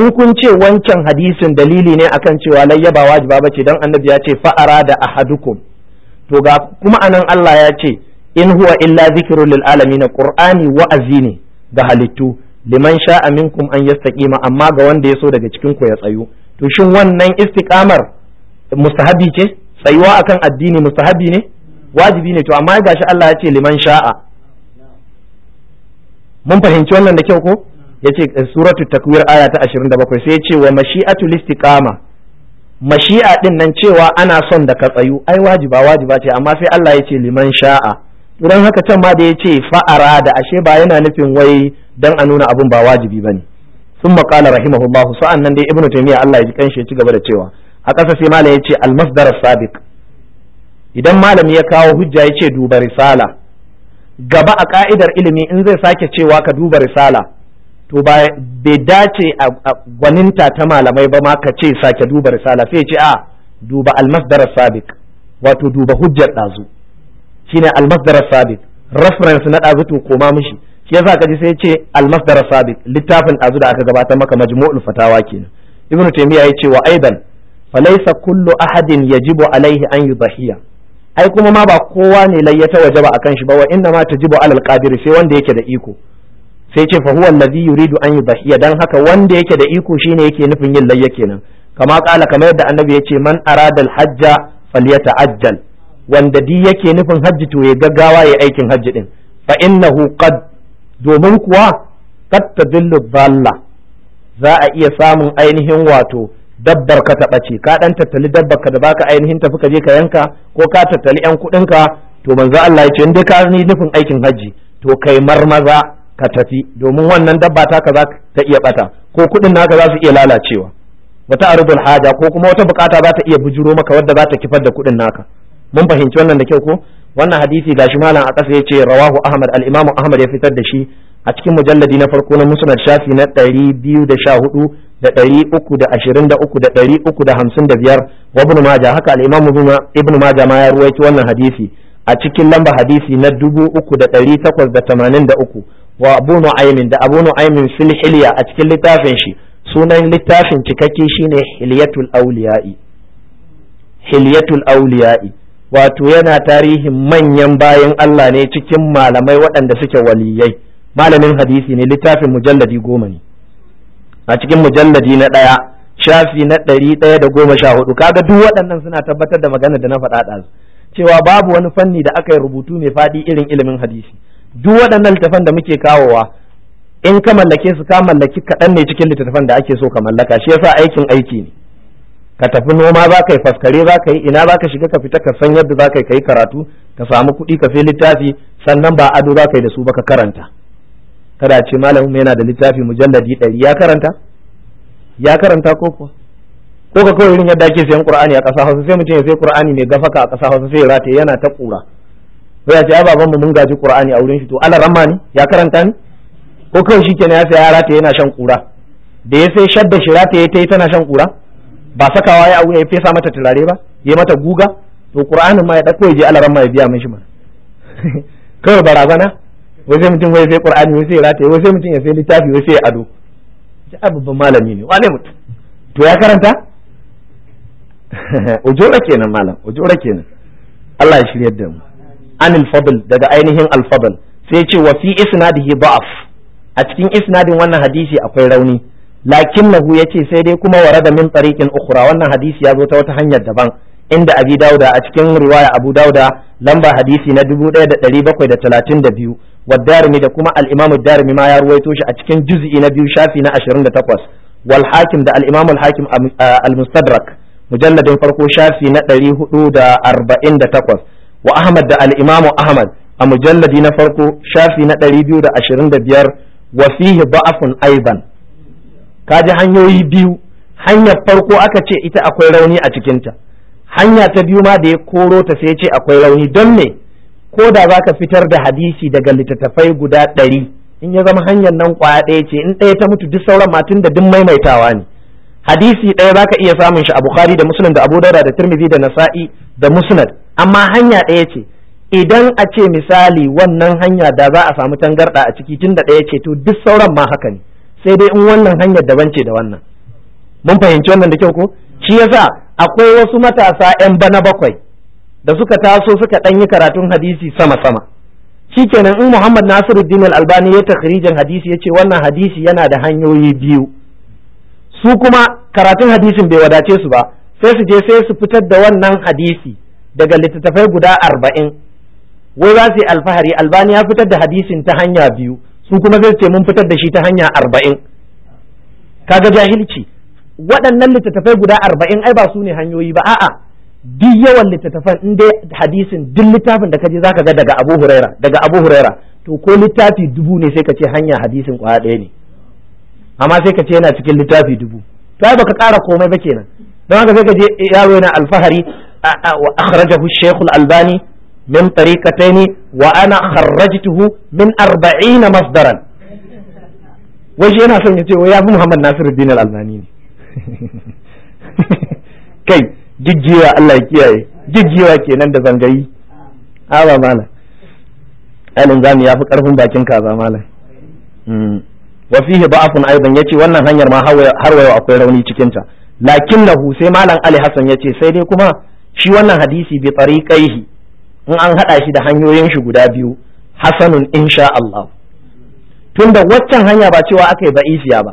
in kun ce wancan hadisin dalili ne akan cewa layya ba wajiba bace dan annabi ya ce fa'ara da ahadukum to ga kuma anan Allah ya ce in huwa illa zikrul lil alamin qur'ani wa'azi ne ga halittu liman sha'a minkum an yastaqima amma ga wanda ya so daga cikin ku ya tsayu to shin wannan istiqamar mustahabi ce tsayuwa akan addini mustahabi ne wajibi ne to amma gashi Allah ya ce liman sha'a mun fahimci wannan da kyau ko Ya ce suratu takwir aya ta ashirin da 27 sai ya ce wa mashi'atul istiqama mashi'a ɗin nan cewa ana son da ka tsayu ai wajiba wajiba ce amma sai Allah ya ce liman sha'a Idan haka can ma da ya ce fa'ara da ashe ba yana nufin wai dan a nuna abun ba wajibi bane sun maƙala rahimahullahu sa'an nan dai ibnu taymiya Allah ya ji kanshi ya ci gaba da cewa a ƙasa sai malam ya ce almasdar sabiq idan malami ya kawo hujja ya ce duba risala gaba a ka'idar ilimi in zai sake cewa ka duba risala to ba bai dace a gwaninta ta malamai ba ma ka ce sake duba risala sai ce a ah, duba almasdar sabiq wato duba hujjar dazu shine almasdar sabiq reference na dazu to koma mishi shi yasa ka ji sai ce almasdar sabiq littafin dazu da aka gabata maka majmu'ul fatawa kenan ibnu taymiya ya ce wa aidan falaisa kullu ahadin yajibu alaihi an yudahiya ai kuma ma ba kowa ne layyata ba akan shi ba wa inna ma tajibu alal qadir sai wanda yake da iko sai ce fa huwa allazi yuridu an yubahiya dan haka wanda yake da iko shine yake nufin yin layya kenan kama kala kamar yadda annabi ya ce man arada alhajja falyata'ajjal wanda di yake nufin hajji to ya gaggawa ya aikin hajji din fa innahu qad domin kuwa qad tadillu dhalla za a iya samun ainihin wato dabbar ka ta ɓace ka ɗan tattali dabbar ka da baka ainihin tafi ka je ka yanka ko ka tattali yan kuɗin ka to manzo Allah ya ce in dai ka ni nufin aikin hajji to kai marmaza ka tafi domin wannan dabba ka za ta iya bata ko kuɗin naka za su iya lalacewa wata arudul haja ko kuma wata bukata za ta iya bujuro maka wadda za ta kifar da kuɗin naka mun fahimci wannan da kyau ko wannan hadisi gashi malam a ƙasa yace rawahu ahmad al-imamu ahmad ya fitar da shi a cikin mujalladi na farko na musnad shafi na 214 da 323 da 355 wa ibn majah haka al-imamu ibn majah ma ya ruwaito wannan hadisi a cikin lamba hadisi na 3883 wa abu nu'aymin da abu nu'aymin fil hilya a cikin littafin shi sunan littafin cikakke shine hilyatul awliya'i hilyatul awliya'i wato yana tarihin manyan bayan Allah ne cikin malamai waɗanda suke waliyai malamin hadisi ne littafin mujalladi goma ne a cikin mujalladi na ɗaya shafi na ɗari ɗaya da goma sha hudu kaga duk waɗannan suna tabbatar da magana da na faɗa ɗazu cewa babu wani fanni da aka yi rubutu mai faɗi irin ilimin hadisi duk waɗannan littafan da muke kawowa in ka mallake su ka mallaki kaɗan ne cikin littattafan da ake so ka mallaka shi yasa aikin aiki ne ka tafi noma za ka yi faskare za ka yi ina za ka shiga ka fita ka san yadda za ka yi karatu ka samu kuɗi ka fi littafi sannan ba ado za ka yi da su ba ka karanta kada ce malamin yana da littafi mujalladi ɗari ya karanta ya karanta ko kuwa ko ka kawai irin yadda ake sayan qur'ani a ƙasa hausa sai mutum ya sayi ƙur'ani mai gafaka a ƙasa hausa sai ya rataye yana ta ƙura sai ya ce ai baban mu mun gaji qur'ani a wurin shi to Allah ramani ne ya karanta ni ko kawai kenan ya sai ya rata yana shan kura da ya sai shadda shi rata ya tayi tana shan kura ba sakawa ya ya fesa mata turare ba ya mata guga to qur'anin ma ya dako ya je Allah ramani ya biya shi ma kawai barazana wai sai mutum wai sai qur'ani wai sai rata wai sai mutum ya sai littafi wai sai ya ado ji babban malami ne wane mutum to ya karanta ujura kenan malam ujura kenan Allah ya shiryar da mu an fadl daga ainihin al sai ce wa fi isnadihi da'af a cikin isnadin wannan hadisi akwai rauni ya yace sai dai kuma da min tariqin ukhra wannan hadisi ya zo ta wata hanyar daban inda abi dauda a cikin riwaya abu dauda lamba hadisi na 1732 wa darimi da kuma al jarumi darimi ma ya ruwaito shi a cikin juz'i na biyu shafi na 28 wal hakim da al imamu al-hakim al-mustadrak mujalladin farko shafi na 448 wa Ahmad da al-Imam Ahmad a mujalladi na farko shafi na 225 wa fihi da'afun aiban ji hanyoyi biyu hanyar farko aka ce ita akwai rauni a cikinta hanya ta biyu ma da ya koro ta sai ce akwai rauni don me ko da za ka fitar da hadisi daga littattafai guda ɗari in ya zama hanyar nan kwaya ɗaya ce in ɗaya ta mutu duk sauran matun da duk maimaitawa ne hadisi ɗaya za ka iya samun shi a bukhari da muslim da abu da tirmidhi da nasa'i da musnad amma hanya ɗaya ce idan a ce misali wannan hanya da za a samu tangarɗa a ciki tun da ɗaya ce to duk sauran ma haka ne sai dai in wannan hanyar daban ce da wannan mun fahimci wannan da kyau ko shi yasa akwai wasu matasa 'yan bana bakwai da suka taso suka ɗan yi karatun hadisi sama sama shi kenan in Muhammad Nasiruddin Al-Albani ya takhrijin hadisi ya ce wannan hadisi yana da hanyoyi biyu su kuma karatun hadisin bai wadace su ba sai su je sai su fitar da wannan hadisi daga littattafai guda arba'in wai za su yi alfahari albani ya fitar da hadisin ta hanya biyu su kuma zai ce mun fitar da shi ta hanya arba'in kaga jahilci waɗannan littattafai guda arba'in ai ba su ne hanyoyi ba a'a duk yawan littattafan in dai hadisin duk littafin da kaje zaka ga daga Abu Huraira daga Abu Huraira to ko littafi dubu ne sai ka ce hanya hadisin kwaya ɗaya ne amma sai ka ce yana cikin littafi dubu to ai baka ƙara komai ba kenan don haka sai ka je yaro yana alfahari wa akhrajahu shaykh al-albani min tariqataini wa ana kharrajtuhu min 40 masdaran waje yana son ya ce wai ya fi Muhammad Nasiruddin al-Albani ne kai jijjiwa Allah ya kiyaye jijjiwa kenan da zangayi haba malam alin zamu ya fi karfin bakin kaza malam hmm. wa fihi da'afun aidan yace wannan hanyar ma har wayo akwai rauni cikin ta Lakin lakinnahu sai malam ali Hassan ya ce, sai dai kuma shi wannan hadisi bi tariqaihi in an haɗa shi da hanyoyin shi guda biyu hasanun insha Allah tunda waccan hanya ba cewa aka yi ba'isiya ba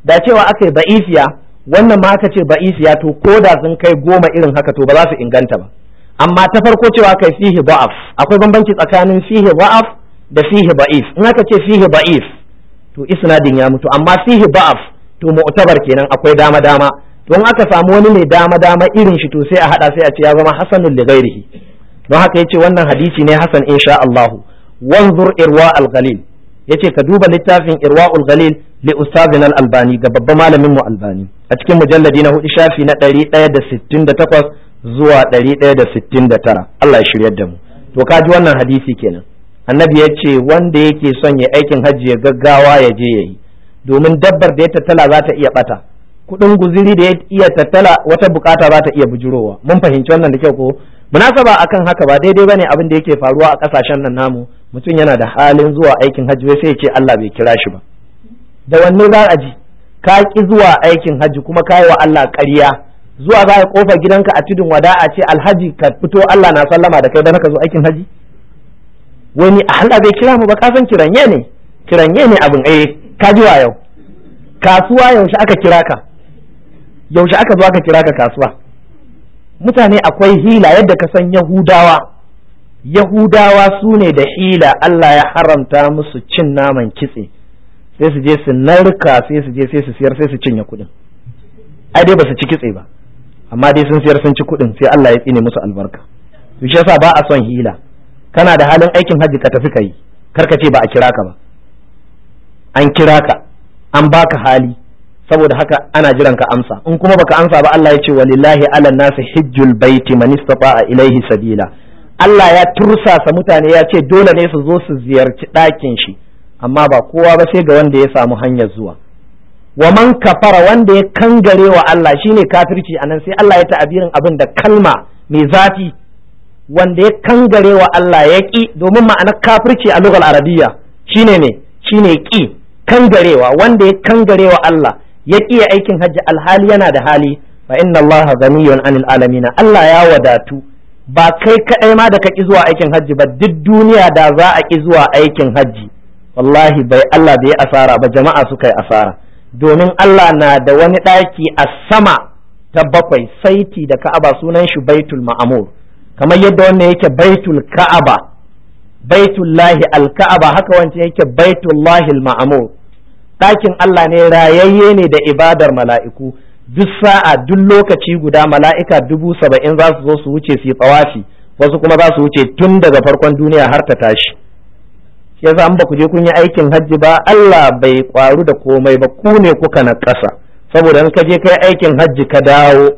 da cewa aka yi ba'isiya wannan ma aka ce ba'isiya to ko da sun kai goma irin haka to ba za su inganta ba amma ta farko cewa kai fihi ba'af akwai bambanci tsakanin fihi ba'af da fihi ba'if in aka ce fihi ba'if to isnadin ya mutu amma fihi ba'af to mu'tabar kenan akwai dama dama don aka samu wani mai dama dama irin shi to sai a hada sai a ce ya zama hasanul li ghairihi don haka yace wannan hadisi ne hasan insha Allah wanzur irwa al-ghalil yace ka duba littafin irwa al-ghalil li ustadina al-albani ga babban malamin mu albani a cikin mujalladi na hudu shafi na 168 zuwa 169 Allah ya shiryar da mu to ka ji wannan hadisi kenan annabi yace ce wanda yake son ya aikin hajji ya gaggawa ya je ya yi domin dabbar da ya tattala za ta iya bata kuɗin guziri da ya iya tattala wata bukata za ta iya bujurowa mun fahimci wannan da kyau ko munasaba akan haka ba daidai bane abin da yake faruwa a kasashen nan namu mutum yana da halin zuwa aikin hajji wai sai ya ce Allah bai kira shi ba da wanne za a ji ka ki zuwa aikin hajji kuma ka yi wa Allah ƙarya zuwa za kofa gidanka a tudun wada a ce alhaji ka fito Allah na sallama da kai da naka zo aikin hajji wani Allah bai kira mu ba ka san kiranye ne kiranye ne abin eh ka ji wa yau kasuwa yaushe aka kira ka yaushe aka zo aka kira ka kasuwa mutane akwai hila yadda ka san yahudawa yahudawa su ne da hila Allah ya haramta musu cin naman kitse sai su je su narka sai su je sai su siyar sai su cinye kuɗin ai dai ba su ci kitse ba amma dai sun siyar sun ci kuɗin sai Allah ya tsine musu albarka to shi yasa ba a son hila kana da halin aikin hajji ka tafi kai kar ka ce ba a kira ka ba an kira ka an baka hali saboda haka ana jiran ka amsa in kuma baka amsa ba Allah ya ce walillahi ala nasi hijjul baiti man istata'a ilaihi sabila Allah ya tursasa mutane ya ce dole ne su zo su ziyarci ɗakin shi amma ba kowa ba sai ga wanda ya samu hanyar zuwa wa man kafara wanda ya kangare wa Allah shine kafirci anan sai Allah ya ta'abirin abin da kalma mai zafi wanda ya kangare wa Allah ya ƙi domin ma'anar kafirci a lokal arabiya shine ne shine ƙi kangarewa wanda ya kangarewa Allah ya iya aikin hajji alhali yana da hali fa inna Allah ghaniyun anil alamin Allah ya wadatu ba kai kadai ma da ka ki zuwa aikin hajji ba duk duniya da za a ki zuwa aikin hajji wallahi bai Allah bai asara ba jama'a suka yi asara domin Allah na da wani ɗaki a sama ta bakwai saiti da Ka'aba sunan shi Baitul kamar yadda wannan yake Baitul Ka'aba Baitullahi al-Ka'aba haka wancan yake Baitullahi al ɗakin Allah ne rayayye ne da ibadar mala'iku duk sa'a duk lokaci guda mala'ika dubu saba'in za su zo su wuce su yi tsawafi wasu kuma za su wuce tun daga farkon duniya har ta tashi Ya za ba ku je kun yi aikin hajji ba Allah bai ƙwaru da komai ba ku ne kuka na ƙasa saboda in ka je kai aikin hajji ka dawo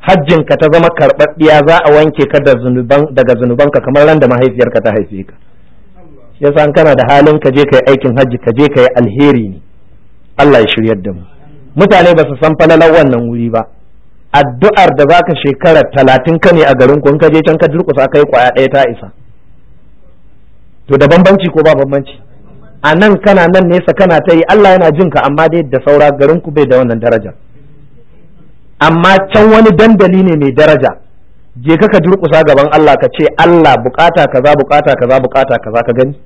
hajjin ka ta zama karɓaɗɗiya za a wanke ka daga ka kamar ran da mahaifiyarka ta haife ka yasa kana da halin ka je kai aikin hajji ka je kai alheri ne Allah ya shiryar da mu mutane ba su san falalar wannan wuri ba addu'ar da baka shekara talatin ka ne a garin ku in ka je can ka durkusa yi kwaya ɗaya ta isa to da bambanci ko ba bambanci a nan kana nan nesa kana ta yi Allah yana jin ka amma dai da saura garin ku bai da wannan daraja amma can wani dandali ne mai daraja je ka ka durkusa gaban Allah ka ce Allah bukata kaza bukata kaza bukata kaza ka gani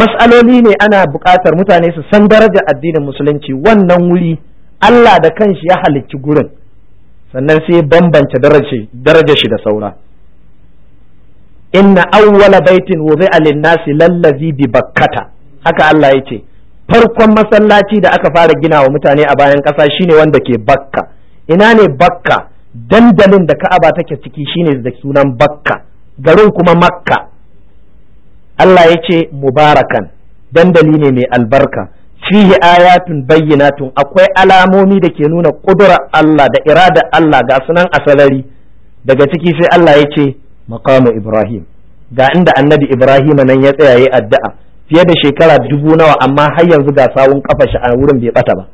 mas'aloli ne ana buƙatar mutane su san daraja addinin musulunci wannan wuri Allah da kanshi ya halicci gurin sannan sai bambance daraja shi da saura inna awwala baitin wudi'a lin-nasi lallazi bi bakkata haka Allah ya ce. farkon masallaci da aka fara gina wa mutane a bayan ƙasa shine wanda ke bakka ina ne bakka dandalin da ka'aba take ciki shine da sunan bakka garin kuma makka Allah ya ce mubarakan dandali ne mai albarka fihi ayatun bayyinatun akwai alamomi da ke nuna ƙudurar Allah da irada Allah ga sunan asalari daga ciki sai Allah ya ce maqamu Ibrahim ga inda annabi Ibrahim nan ya tsaya yi addu'a fiye da shekara dubu nawa amma har yanzu ga sawun kafa shi a wurin bai bata ba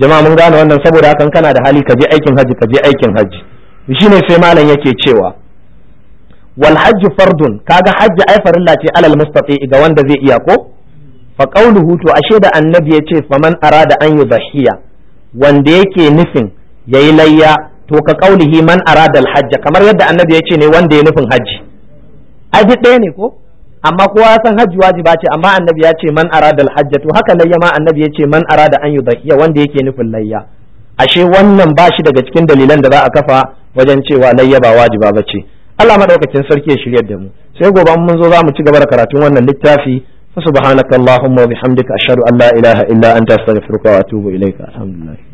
jama'a mun gane wannan saboda hakan kana da hali ka je aikin haji ka je aikin haji shine sai malam yake cewa wal hajj fardun kaga hajji ai farilla ce alal mustati ga wanda zai iya ko fa qawluhu to ashe da annabi yace faman arada an yudhiya wanda yake nufin yayi layya to ka qawlihi man arada al hajj kamar yadda annabi yace ne wanda ya nufin hajji aji ɗaya ne ko amma kowa ya san hajji wajiba ce amma annabi ya ce man arada al hajj to haka layya ma annabi ya ce man arada an yudhiya wanda yake nufin layya ashe wannan ba shi daga cikin dalilan da za a kafa wajen cewa layya ba wajiba ba ce Allah madaukakin sarki ya shirya da mu sai gobe mun zo za mu ci gaba da karatun wannan littafi fa subhanakallahumma wa bihamdika ashhadu an la ilaha illa anta astaghfiruka wa atubu ilaika alhamdulillah